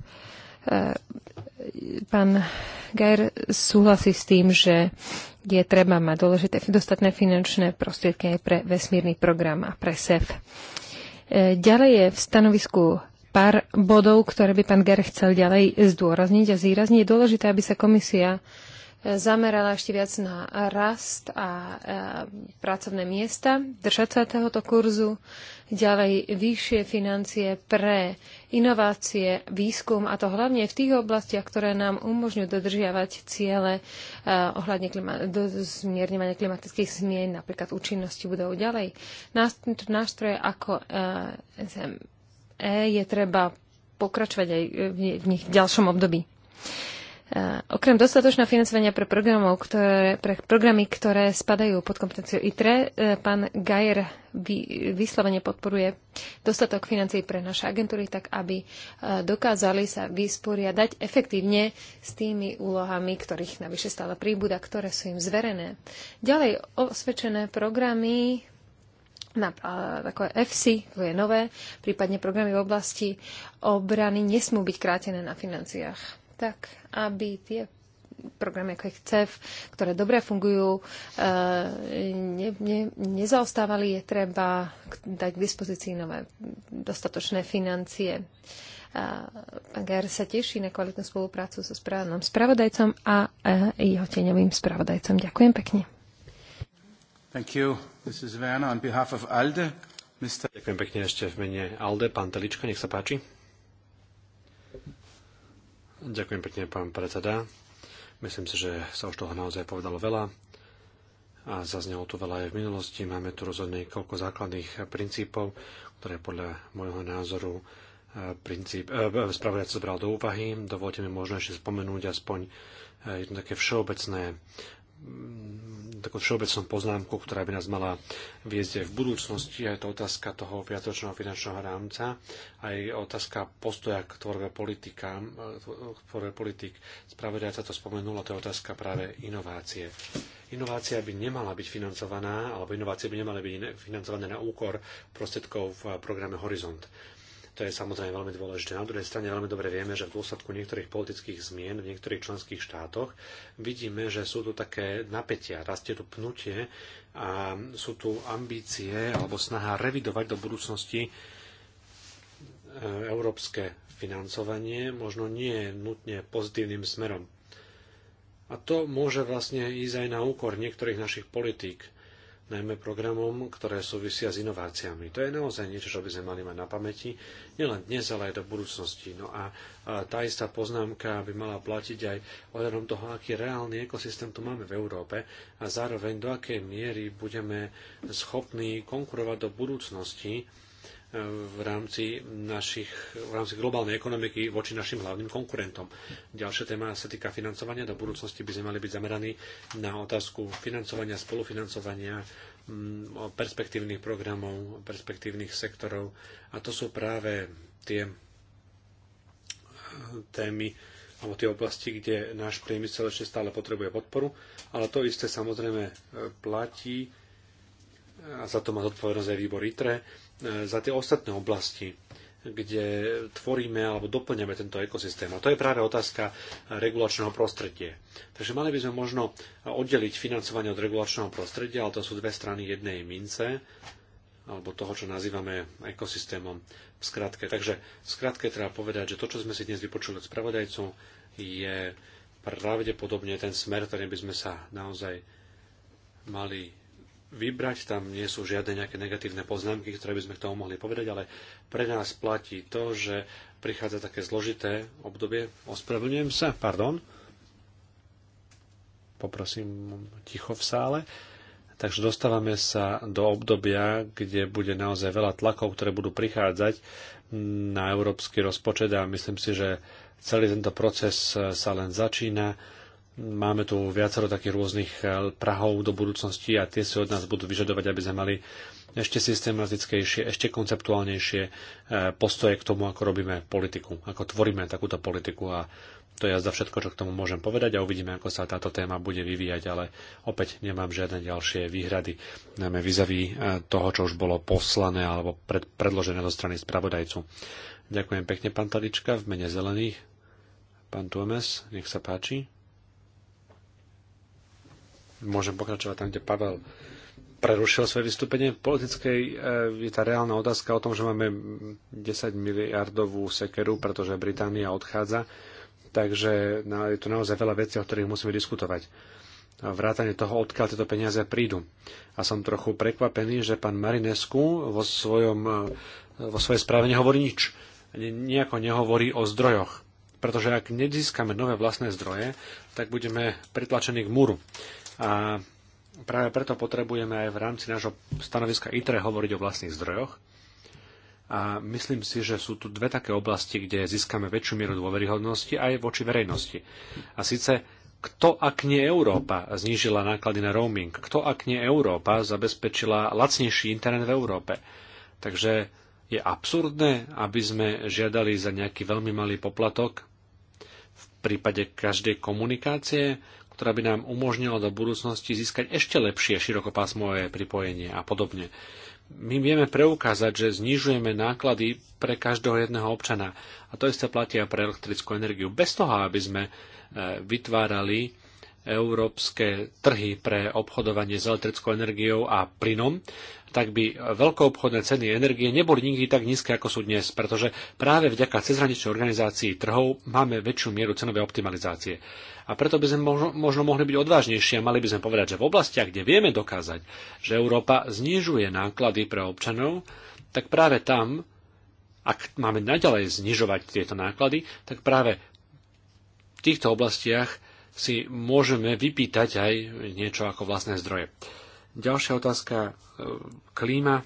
pán Gajer súhlasí s tým, že je treba mať dôležité dostatné finančné prostriedky aj pre vesmírny program a pre SEF. Ďalej je v stanovisku pár bodov, ktoré by pán Ger chcel ďalej zdôrazniť a zýrazniť. Je dôležité, aby sa komisia zamerala ešte viac na rast a e, pracovné miesta, držať sa tohoto kurzu, ďalej vyššie financie pre inovácie, výskum a to hlavne v tých oblastiach, ktoré nám umožňujú dodržiavať ciele e, ohľadne klima- do zmierňovania klimatických zmien, napríklad účinnosti budov ďalej. Nástroje ako SME e je treba pokračovať aj v nich v ďalšom období. Eh, okrem dostatočného financovania pre, programov, ktoré, pre programy, ktoré spadajú pod kompetenciu ITRE, eh, pán Gajer vy, vyslovene podporuje dostatok financií pre naše agentúry, tak aby eh, dokázali sa vysporiadať efektívne s tými úlohami, ktorých navyše stále príbuda, ktoré sú im zverené. Ďalej osvedčené programy na, takové FC, to je nové, prípadne programy v oblasti obrany nesmú byť krátené na financiách tak aby tie programy ako ich CEF, ktoré dobre fungujú, e, ne, ne, nezaostávali, je treba dať k dispozícii nové dostatočné financie. Pán Gajer sa teší na kvalitnú spoluprácu so správnym spravodajcom a e, jeho teňovým spravodajcom. Ďakujem pekne. Thank you. This is Werner on behalf of ALDE. Mr. Ďakujem pekne ešte v mene ALDE. Pán Telička, nech sa páči. Ďakujem pekne, pán predseda. Myslím si, že sa už toho naozaj povedalo veľa a zaznelo tu veľa aj v minulosti. Máme tu rozhodne koľko základných princípov, ktoré podľa môjho názoru e, princíp, eh, spravodajca zobral do úvahy. Dovolte mi možno ešte spomenúť aspoň e, jedno také všeobecné Mm, takú všeobecnú poznámku, ktorá by nás mala viesť aj v budúcnosti. A je to otázka toho viatočného finančného rámca, aj otázka postoja k tvorbe politika, eh, tvorbe politik. Spravodajca to spomenula, to je otázka práve inovácie. Inovácia by nemala byť financovaná, alebo inovácie by nemali byť financované na úkor prostriedkov v programe Horizont to je samozrejme veľmi dôležité. Na druhej strane veľmi dobre vieme, že v dôsledku niektorých politických zmien v niektorých členských štátoch vidíme, že sú tu také napätia, rastie tu pnutie a sú tu ambície alebo snaha revidovať do budúcnosti e, európske financovanie, možno nie nutne pozitívnym smerom. A to môže vlastne ísť aj na úkor niektorých našich politík, najmä programom, ktoré súvisia s inováciami. To je naozaj niečo, čo by sme mali mať na pamäti, nielen dnes, ale aj do budúcnosti. No a tá istá poznámka by mala platiť aj ohľadom toho, aký reálny ekosystém tu máme v Európe a zároveň do akej miery budeme schopní konkurovať do budúcnosti v rámci, našich, v rámci globálnej ekonomiky voči našim hlavným konkurentom. Ďalšia téma sa týka financovania. Do budúcnosti by sme mali byť zameraní na otázku financovania, spolufinancovania mm, perspektívnych programov, perspektívnych sektorov. A to sú práve tie eh, témy, alebo tie oblasti, kde náš priemysel ešte stále potrebuje podporu, ale to isté samozrejme eh, platí a za to má zodpovednosť aj výbor ITRE Eh, za tie ostatné oblasti, kde tvoríme alebo doplňame tento ekosystém. A to je práve otázka regulačného prostredia. Takže mali by sme možno oddeliť financovanie od regulačného prostredia, ale to sú dve strany jednej mince, alebo toho, čo nazývame ekosystémom v skratke. Takže v skratke treba povedať, že to, čo sme si dnes vypočuli od spravodajcu, je pravdepodobne ten smer, ktorým by sme sa naozaj mali vybrať, tam nie sú žiadne nejaké negatívne poznámky, ktoré by sme k tomu mohli povedať, ale pre nás platí to, že prichádza také zložité obdobie. Ospravedlňujem sa, pardon. Poprosím ticho v sále. Takže dostávame sa do obdobia, kde bude naozaj veľa tlakov, ktoré budú prichádzať na európsky rozpočet a myslím si, že celý tento proces sa len začína Máme tu viacero takých rôznych e, prahov do budúcnosti a tie si od nás budú vyžadovať, aby sme mali ešte systematickejšie, ešte konceptuálnejšie e, postoje k tomu, ako robíme politiku, ako tvoríme takúto politiku a to je za všetko, čo k tomu môžem povedať a uvidíme, ako sa táto téma bude vyvíjať, ale opäť nemám žiadne ďalšie výhrady, najmä vizaví e, toho, čo už bolo poslané alebo pred, predložené zo strany spravodajcu. Ďakujem pekne, pán Talička, v mene zelených. Pán Tuomes, nech sa páči. Môžem pokračovať tam, kde Pavel prerušil svoje vystúpenie. V politickej eh, je tá reálna otázka o tom, že máme 10 miliardovú sekeru, pretože Británia odchádza. Takže je tu naozaj veľa vecí, o ktorých musíme diskutovať. Vrátanie toho, odkiaľ tieto peniaze prídu. A som trochu prekvapený, že pán Marinescu vo, svojom, eh, vo svojej správe nehovorí nič. Nijako nehovorí o zdrojoch. Pretože ak nezískame nové vlastné zdroje, tak budeme pritlačení k múru. A práve preto potrebujeme aj v rámci nášho stanoviska ITRE hovoriť o vlastných zdrojoch. A myslím si, že sú tu dve také oblasti, kde získame väčšiu mieru dôveryhodnosti aj voči verejnosti. A síce kto ak nie Európa znížila náklady na roaming? Kto ak nie Európa zabezpečila lacnejší internet v Európe? Takže je absurdné, aby sme žiadali za nejaký veľmi malý poplatok v prípade každej komunikácie, ktorá by nám umožnila do budúcnosti získať ešte lepšie širokopásmové pripojenie a podobne. My vieme preukázať, že znižujeme náklady pre každého jedného občana a to isté platia pre elektrickú energiu. Bez toho, aby sme e, vytvárali európske trhy pre obchodovanie s elektrickou energiou a plynom, tak by veľkoobchodné ceny energie neboli nikdy tak nízke, ako sú dnes, pretože práve vďaka cezhraničnej organizácii trhov máme väčšiu mieru cenovej optimalizácie. A preto by sme možno, možno mohli byť odvážnejší a mali by sme povedať, že v oblastiach, kde vieme dokázať, že Európa znižuje náklady pre občanov, tak práve tam, ak máme naďalej znižovať tieto náklady, tak práve v týchto oblastiach si môžeme vypýtať aj niečo ako vlastné zdroje. Ďalšia otázka, e, klíma. E,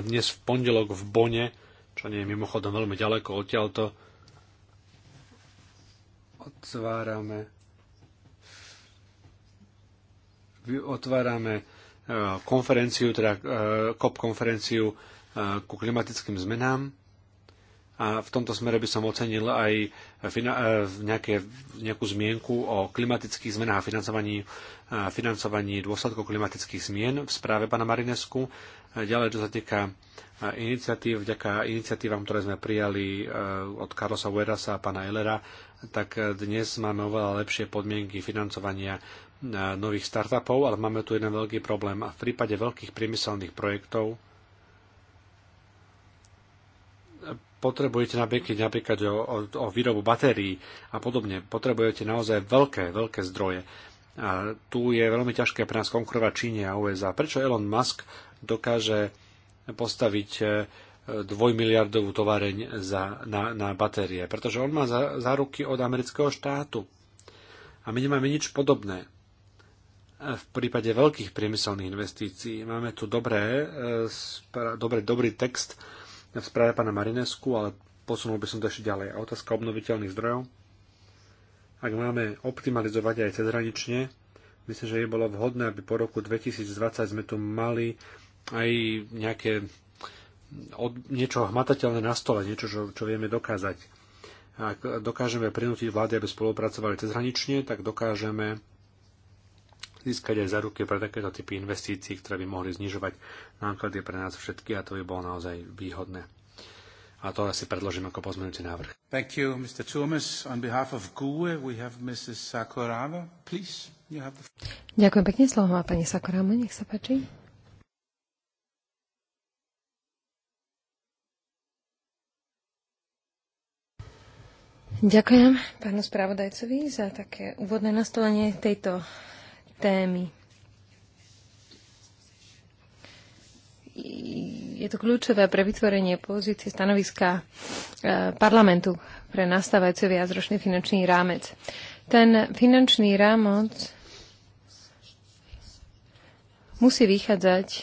dnes v pondelok v Bone, čo nie je mimochodom veľmi ďaleko odtiaľto, otvárame otvárame e, konferenciu, teda COP konferenciu ku klimatickým zmenám. A v tomto smere by som ocenil aj eh, eh, nejaké, nejakú zmienku o klimatických zmenách a financovaní, eh, financovaní dôsledkov klimatických zmien v správe pána Marinesku. Ďalej, čo sa týka iniciatív, vďaka iniciatívam, ktoré sme prijali od Carlosa Uerasa a pána Elera, tak dnes máme oveľa lepšie podmienky financovania nových startupov, ale máme tu jeden veľký problém. A v prípade veľkých priemyselných projektov potrebujete napríklad, napríklad o, o, o výrobu batérií a podobne, potrebujete naozaj veľké, veľké zdroje. A tu je veľmi ťažké pre nás konkurovať Číne a USA. Prečo Elon Musk dokáže postaviť e, dvojmiliardovú továreň za, na, na batérie? Pretože on má záruky od amerického štátu. A my nemáme nič podobné. E, v prípade veľkých priemyselných investícií máme tu dobré, e, dobré, dobrý text, v správe pána Marinesku, ale posunul by som to ešte ďalej. A otázka obnoviteľných zdrojov. Ak máme optimalizovať aj cezhranične, myslím, že je bolo vhodné, aby po roku 2020 sme tu mali aj nejaké od, niečo hmatateľné na stole, niečo, čo, čo vieme dokázať. Ak dokážeme prinútiť vlády, aby spolupracovali cezhranične, tak dokážeme získať aj za ruky pre takéto typy investícií, ktoré by mohli znižovať náklady pre nás všetky a to by bolo naozaj výhodné. A to asi predložím ako pozmenujúci návrh. Thank you, Mr. Thomas. On behalf of GUE, we have Mrs. Sakurava. Please, you have the... Ďakujem pekne, slovo má pani Sakurava. nech sa páči. Ďakujem pánu spravodajcovi za také úvodné nastolenie tejto témy. Je to kľúčové pre vytvorenie pozície stanoviska e, parlamentu pre nastávajúci viacročný finančný rámec. Ten finančný rámec musí vychádzať e,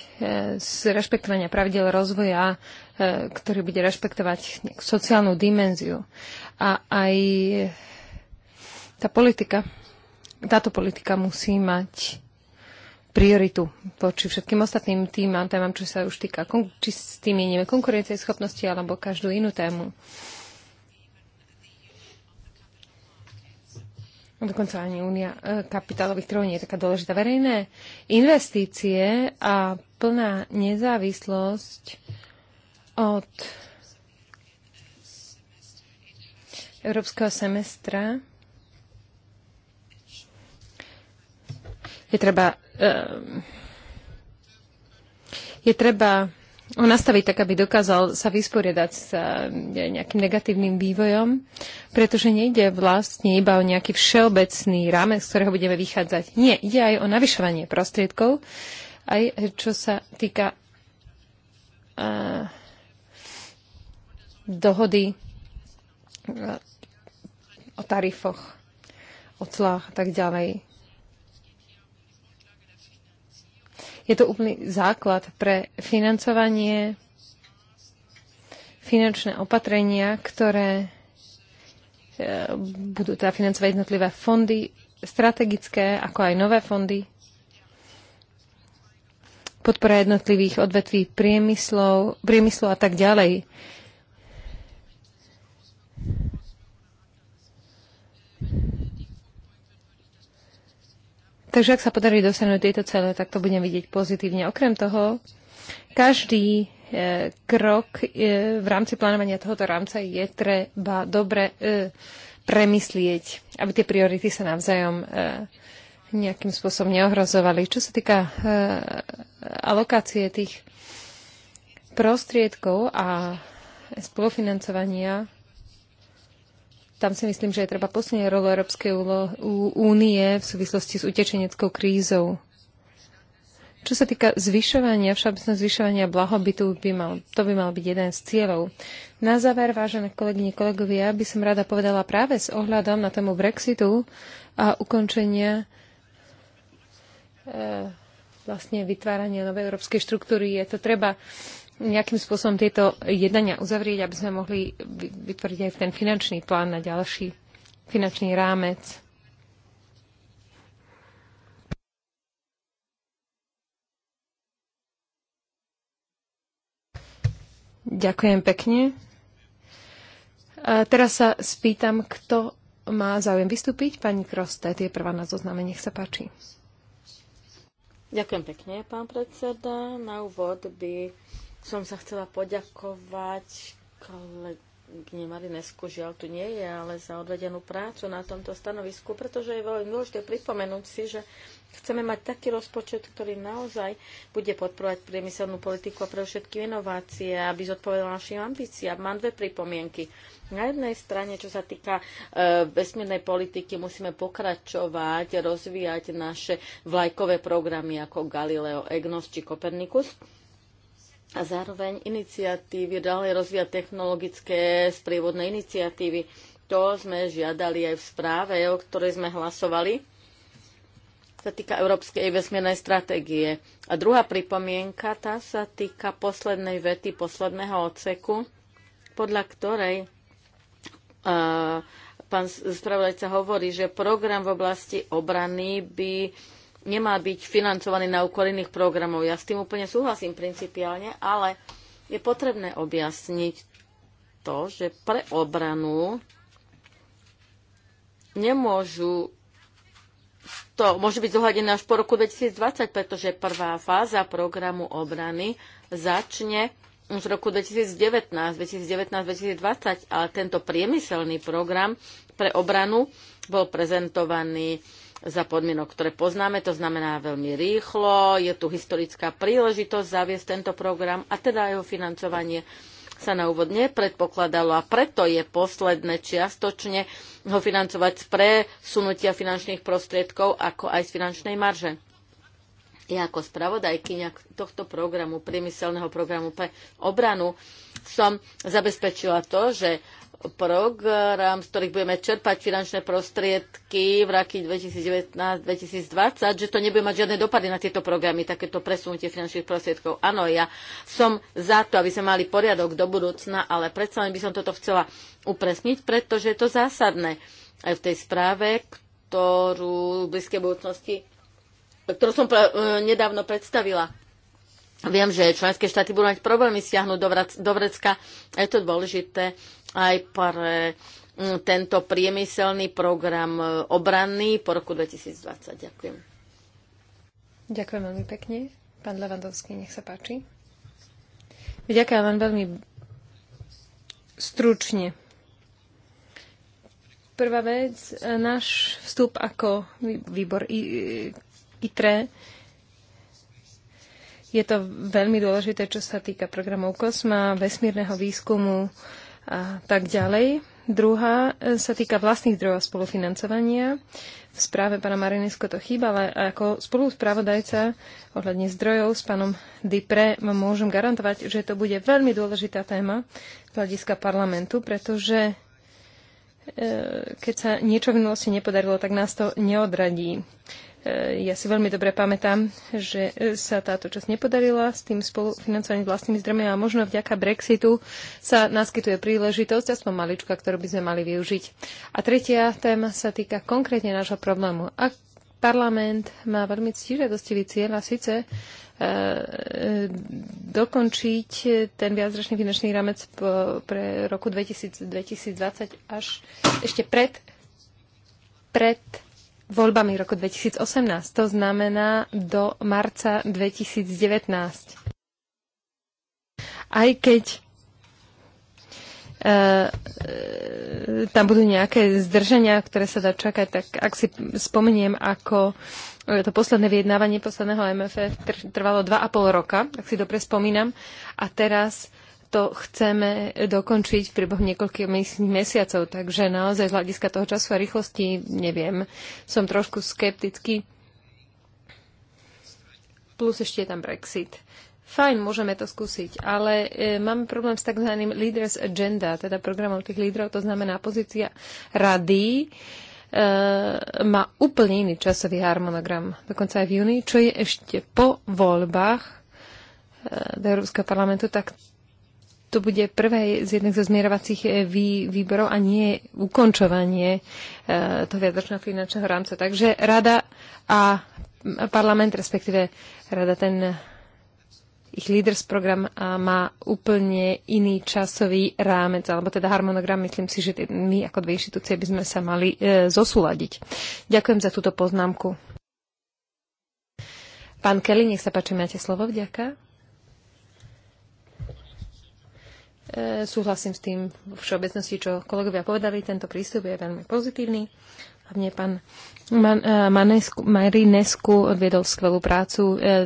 z rešpektovania pravidel rozvoja, e, ktorý bude rešpektovať sociálnu dimenziu. A aj tá politika táto politika musí mať prioritu voči všetkým ostatným týmam, témam, čo sa už týka, či s tým je konkurencie schopnosti alebo každú inú tému. Dokonca ani únia e, kapitálových trhov nie je taká dôležitá. Verejné investície a plná nezávislosť od európskeho semestra je treba, eh, je treba ho nastaviť tak, aby dokázal sa vysporiadať s eh, nejakým negatívnym vývojom, pretože nejde vlastne iba o nejaký všeobecný rámec, z ktorého budeme vychádzať. Nie, ide aj o navyšovanie prostriedkov, aj čo sa týka uh, dohody uh, o tarifoch, o clách a tak ďalej. Je to úplný základ pre financovanie, finančné opatrenia, ktoré e, budú teda financovať jednotlivé fondy, strategické, ako aj nové fondy, podpora jednotlivých odvetví priemyslov, priemyslu a tak ďalej. Takže ak sa podarí dosiahnuť tieto cele, tak to budem vidieť pozitívne. Okrem toho, každý e, krok e, v rámci plánovania tohoto rámca je treba dobre e, premyslieť, aby tie priority sa navzájom e, nejakým spôsobom neohrozovali. Čo sa týka e, alokácie tých prostriedkov a spolufinancovania tam si myslím, že je treba posunieť rolu Európskej únie v súvislosti s utečeneckou krízou. Čo sa týka zvyšovania, všeobecné zvyšovania blahobytu, by mal, to by mal byť jeden z cieľov. Na záver, vážené kolegyne, kolegovia, by som rada povedala práve s ohľadom na tému Brexitu a ukončenia e, vlastne vytvárania novej európskej štruktúry. Je to treba nejakým spôsobom tieto jednania uzavrieť, aby sme mohli vytvoriť aj ten finančný plán na ďalší finančný rámec. Ďakujem pekne. A teraz sa spýtam, kto má záujem vystúpiť. Pani Krostet je prvá na zozname. Nech sa páči. Ďakujem pekne, pán predseda. Na úvod by som sa chcela poďakovať kolegyne Marinesku, žiaľ tu nie je, ale za odvedenú prácu na tomto stanovisku, pretože je veľmi dôležité pripomenúť si, že chceme mať taký rozpočet, ktorý naozaj bude podporovať priemyselnú politiku a pre všetky inovácie, aby zodpovedal našim ambíciám. Mám dve pripomienky. Na jednej strane, čo sa týka e, vesmírnej politiky, musíme pokračovať, rozvíjať naše vlajkové programy ako Galileo, EGNOS či Kopernikus a zároveň iniciatívy, ďalej rozvíjať technologické sprievodné iniciatívy. To sme žiadali aj v správe, o ktorej sme hlasovali. Sa týka Európskej vesmiernej stratégie. A druhá pripomienka, tá sa týka poslednej vety, posledného odseku, podľa ktorej uh, pán spravodajca hovorí, že program v oblasti obrany by uh, nemá byť financovaný na úkor iných programov. Ja s tým úplne súhlasím principiálne, ale je potrebné objasniť to, že pre obranu nemôžu to môže byť zohľadené až po roku 2020, pretože prvá fáza programu obrany začne už v roku 2019, 2019-2020, ale tento priemyselný program pre obranu bol prezentovaný za podmienok, ktoré poznáme, to znamená veľmi rýchlo, je tu historická príležitosť zaviesť tento program a teda jeho financovanie sa na úvod nepredpokladalo a preto je posledné čiastočne ho financovať z presunutia finančných prostriedkov ako aj z finančnej marže. Ja ako spravodajkyňa tohto programu, priemyselného programu pre obranu, som zabezpečila to, že program, z ktorých budeme čerpať finančné prostriedky v roky 2019-2020, že to nebude mať žiadne dopady na tieto programy, takéto presunutie finančných prostriedkov. Áno, ja som za to, aby sme mali poriadok do budúcna, ale predsa len by som toto chcela upresniť, pretože je to zásadné aj v tej správe, ktorú v blízkej budúcnosti, ktorú som e, nedávno predstavila. Viem, že členské štáty budú mať problémy stiahnuť do, Vrecka. Je to dôležité, aj pre mm, tento priemyselný program e, obranný po roku 2020. Ďakujem. Ďakujem veľmi pekne. Pán Levandovský, nech sa páči. Ďakujem vám veľmi stručne. Prvá vec, e, náš vstup ako výbor e, ITRE je to veľmi dôležité, čo sa týka programov Kosma, vesmírneho výskumu, a tak ďalej. Druhá e, sa týka vlastných zdrojov spolufinancovania. V správe pána Marinesko to chýba, ale ako spoluspravodajca ohľadne zdrojov s pánom Dipre môžem garantovať, že to bude veľmi dôležitá téma z hľadiska parlamentu, pretože e, keď sa niečo v minulosti nepodarilo, tak nás to neodradí. E, ja si veľmi dobre pamätám, že e, sa táto časť nepodarila s tým spolufinancovaním vlastnými zdrojmi a možno vďaka Brexitu sa naskytuje príležitosť, aspoň malička, ktorú by sme mali využiť. A tretia téma sa týka konkrétne nášho problému. Ak parlament má veľmi ctižadostivý cieľ a síce e, dokončiť ten viacročný finančný rámec pre roku 2020 až ešte pred, pred voľbami roku 2018, to znamená do marca 2019. Aj keď e, e, tam budú nejaké zdržania, ktoré sa dá čakať, tak ak si spomeniem, ako e, to posledné vyjednávanie posledného MFF trvalo 2,5 roka, ak si dobre spomínam, a teraz to chceme dokončiť v priebehu niekoľkých mesiacov, takže naozaj z hľadiska toho času a rýchlosti neviem. Som trošku skeptický. Plus ešte je tam Brexit. Fajn, môžeme to skúsiť, ale e, máme problém s tzv. Leaders Agenda, teda programom tých lídrov, to znamená pozícia rady e, má úplne iný časový harmonogram, dokonca aj v júni, čo je ešte po voľbách e, do Európskeho parlamentu, tak to bude prvé z jedných zo zmierovacích eh, vý, výborov a nie ukončovanie e, toho viadočného finančného rámca. Takže rada a parlament, respektíve rada ten ich Leaders program má úplne iný časový rámec, alebo teda harmonogram. Myslím si, že my ako dve inštitúcie by sme sa mali e, eh, zosúladiť. Ďakujem za túto poznámku. Pán Kelly, nech sa páči, máte slovo. Vďaka. E, súhlasím s tým vo všeobecnosti, čo kolegovia povedali. Tento prístup je veľmi pozitívny. Hlavne pán Man, e, Manesku, Marinesku odviedol skvelú prácu, e,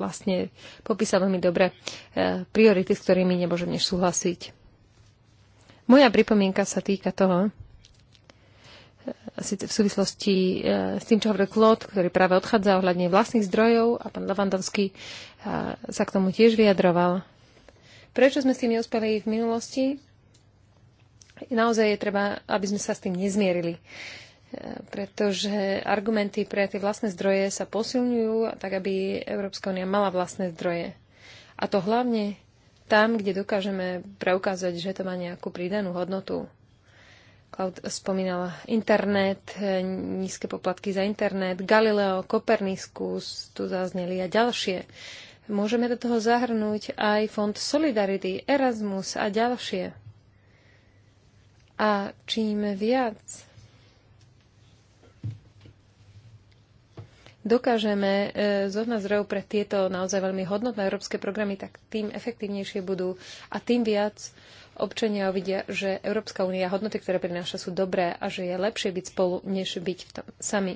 vlastne popísal veľmi dobre priority, s ktorými nemôžem než súhlasiť. Moja pripomienka sa týka toho, v súvislosti s tým, čo hovoril Klod, ktorý práve odchádza ohľadne vlastných zdrojov a pán Lavandovský sa k tomu tiež vyjadroval. Prečo sme s tým neúspeli v minulosti? Naozaj je treba, aby sme sa s tým nezmierili e, pretože argumenty pre tie vlastné zdroje sa posilňujú, tak aby Európska únia mala vlastné zdroje. A to hlavne tam, kde dokážeme preukázať, že to má nejakú pridanú hodnotu. Cloud spomínal internet, e, nízke poplatky za internet, Galileo, Kopernikus, tu zazneli a ďalšie. Môžeme do toho zahrnúť aj Fond Solidarity, Erasmus a ďalšie. A čím viac dokážeme e, zohnať zdrojov pre tieto naozaj veľmi hodnotné európske programy, tak tým efektívnejšie budú a tým viac občania uvidia, že Európska únia hodnoty, ktoré prináša, sú dobré a že je lepšie byť spolu, než byť v tom sami.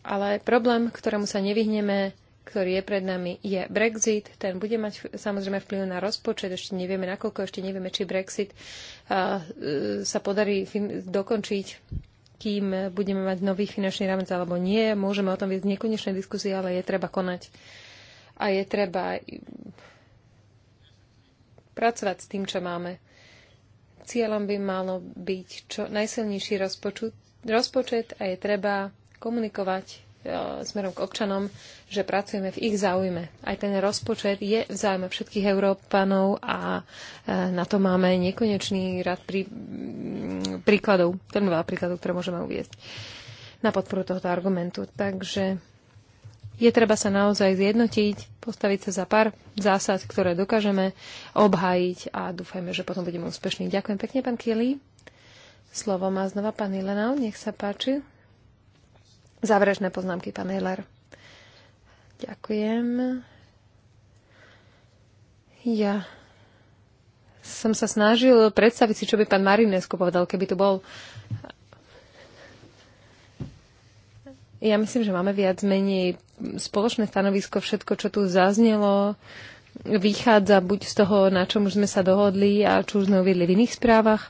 Ale problém, ktorému sa nevyhneme, ktorý je pred nami, je Brexit. Ten bude mať samozrejme vplyv na rozpočet. Ešte nevieme, nakoľko ešte nevieme, či Brexit e, sa podarí dokončiť kým budeme mať nový finančný rámec alebo nie. Môžeme o tom viesť nekonečné diskusie, ale je treba konať. A je treba pracovať s tým, čo máme. Cieľom by malo byť čo najsilnejší rozpočet, rozpočet a je treba komunikovať e, smerom k občanom, že pracujeme v ich záujme. Aj ten rozpočet je v záujme všetkých Európanov a e, na to máme nekonečný rad prí, príkladov, ten veľa príkladov, ktoré môžeme uviezť na podporu tohoto argumentu. Takže je treba sa naozaj zjednotiť, postaviť sa za pár zásad, ktoré dokážeme obhájiť a dúfajme, že potom budeme úspešní. Ďakujem pekne, pán Kili. Slovo má znova pán Ilenau, nech sa páči. Záverečné poznámky, pán Heller. Ďakujem. Ja som sa snažil predstaviť si, čo by pán Marinesko povedal, keby tu bol. Ja myslím, že máme viac menej spoločné stanovisko. Všetko, čo tu zaznelo, vychádza buď z toho, na čom už sme sa dohodli a čo už sme uviedli v iných správach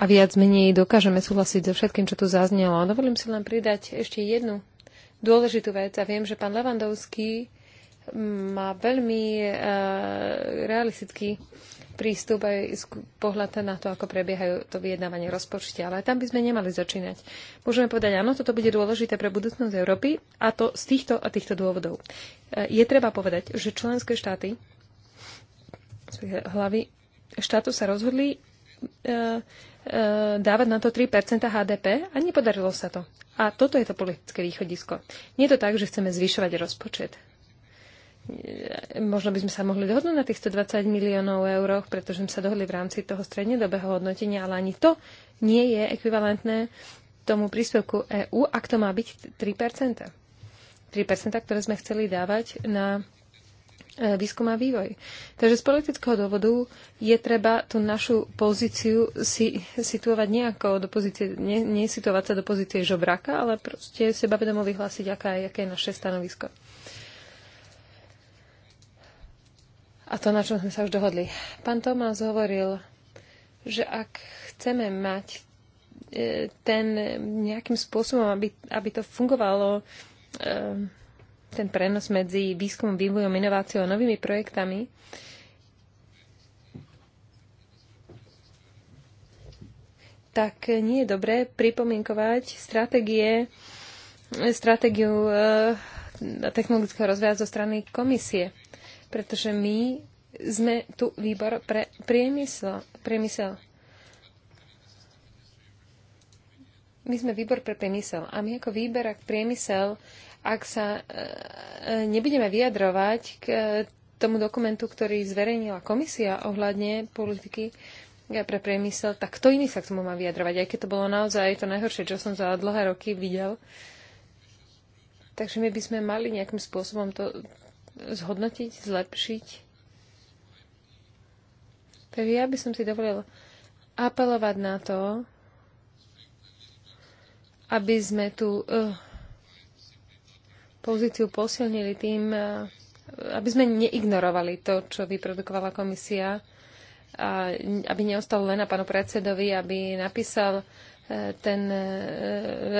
a viac menej dokážeme súhlasiť so všetkým, čo tu zaznelo. Dovolím si len pridať ešte jednu dôležitú vec a viem, že pán Levandovský mm, má veľmi uh, realistický prístup aj pohľad na to, ako prebiehajú to vyjednávanie v rozpočte, ale tam by sme nemali začínať. Môžeme povedať, áno, toto bude dôležité pre budúcnosť Európy a to z týchto a týchto dôvodov. Eh, je treba povedať, že členské štáty hlavy štátu sa rozhodli eh, E, dávať na to 3% HDP a nepodarilo sa to. A toto je to politické východisko. Nie je to tak, že chceme zvyšovať rozpočet. E, možno by sme sa mohli dohodnúť na tých 120 miliónov eur, pretože sme sa dohodli v rámci toho strednedobého hodnotenia, ale ani to nie je ekvivalentné tomu príspevku EÚ, ak to má byť 3%. 3%, ktoré sme chceli dávať na E, výskum a vývoj. Takže z politického dôvodu je treba tú našu pozíciu si, situovať nejako do pozície, nie situovať sa do pozície žobraka, ale proste seba vedomo vyhlásiť, aká, je, aké je naše stanovisko. A to, na čom sme sa už dohodli. Pán Tomás hovoril, že ak chceme mať e, ten nejakým spôsobom, aby, aby to fungovalo, e, ten prenos medzi výskumom, vývojom, inováciou a novými projektami, tak nie je dobré pripomienkovať stratégie, stratégiu eh, technologického rozvoja zo strany komisie, pretože my sme tu výbor pre priemysel. priemysel. My sme výbor pre priemysel a my ako výber a priemysel ak sa e, e, nebudeme vyjadrovať k e, tomu dokumentu, ktorý zverejnila komisia ohľadne politiky pre priemysel, tak kto iný sa k tomu má vyjadrovať, aj keď to bolo naozaj to najhoršie, čo som za dlhé roky videl. Takže my by sme mali nejakým spôsobom to zhodnotiť, zlepšiť. Takže ja by som si dovolil apelovať na to, aby sme tu uh, pozíciu posilnili tým, e, aby sme neignorovali to, čo vyprodukovala komisia, a aby neostalo len na pánu predsedovi, aby napísal e, ten e,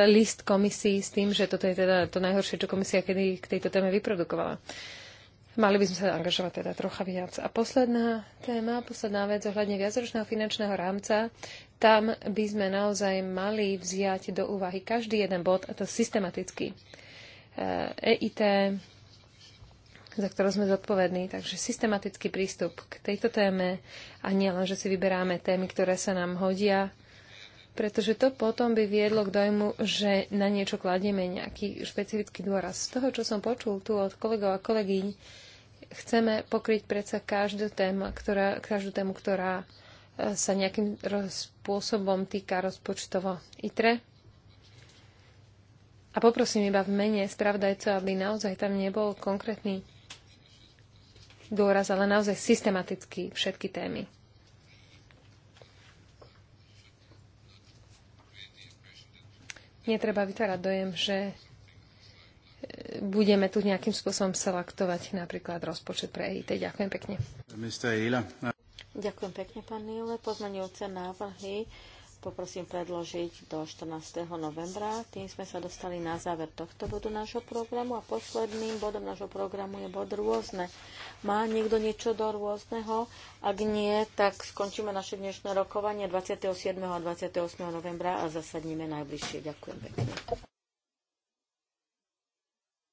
list komisii s tým, že toto je teda to najhoršie, čo komisia kedy k tejto téme vyprodukovala. Mali by sme sa angažovať teda trocha viac. A posledná téma, posledná vec ohľadne viacročného finančného rámca, tam by sme naozaj mali vziať do úvahy každý jeden bod, a to systematicky. EIT, e za ktorú sme zodpovední. Takže systematický prístup k tejto téme a nielen, že si vyberáme témy, ktoré sa nám hodia, pretože to potom by viedlo k dojmu, že na niečo kladieme nejaký špecifický dôraz. Z toho, čo som počul tu od kolegov a kolegyň, chceme pokryť predsa každú tému, ktorá, každú tému, ktorá e, sa nejakým spôsobom týka rozpočtovo ITRE. A poprosím iba v mene spravdajca, aby naozaj tam nebol konkrétny dôraz, ale naozaj systematicky všetky témy. Netreba vytvárať dojem, že e, budeme tu nejakým spôsobom selektovať napríklad rozpočet pre EIT. Ďakujem pekne. Ďakujem pekne, pán Nile. Pozmenujúce návrhy poprosím predložiť do 14. novembra. Tým sme sa dostali na záver tohto bodu nášho programu a posledným bodom nášho programu je bod rôzne. Má niekto niečo do rôzneho? Ak nie, tak skončíme naše dnešné rokovanie 27. a 28. novembra a zasadníme najbližšie. Ďakujem pekne.